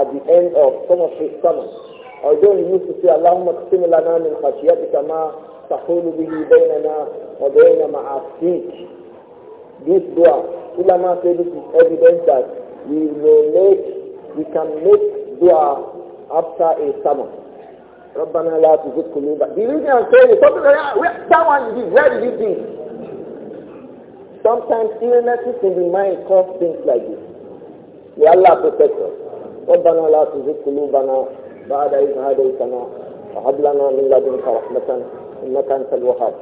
at the end of some of his summons. Although he used to say, Allahumma qsim lana min khashiyatika ma tahulu bihi baynana wa bayna ma'asik. This dua, ulama say this is evidence that we will make, we can make dua after a sermon. ربنا لا تزغ قلوبنا the reason I'm saying is something like where someone did where you sometimes illnesses in the mind cause things like this may Allah protect us ربنا لا تزغ قلوبنا بعد إذ هديتنا وهب لنا من لدنك رحمة إنك أنت الوهاب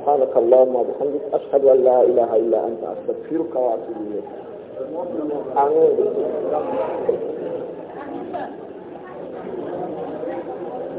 سبحانك اللهم وبحمدك أشهد أن لا إله إلا أنت أستغفرك وأتوب إليك آمين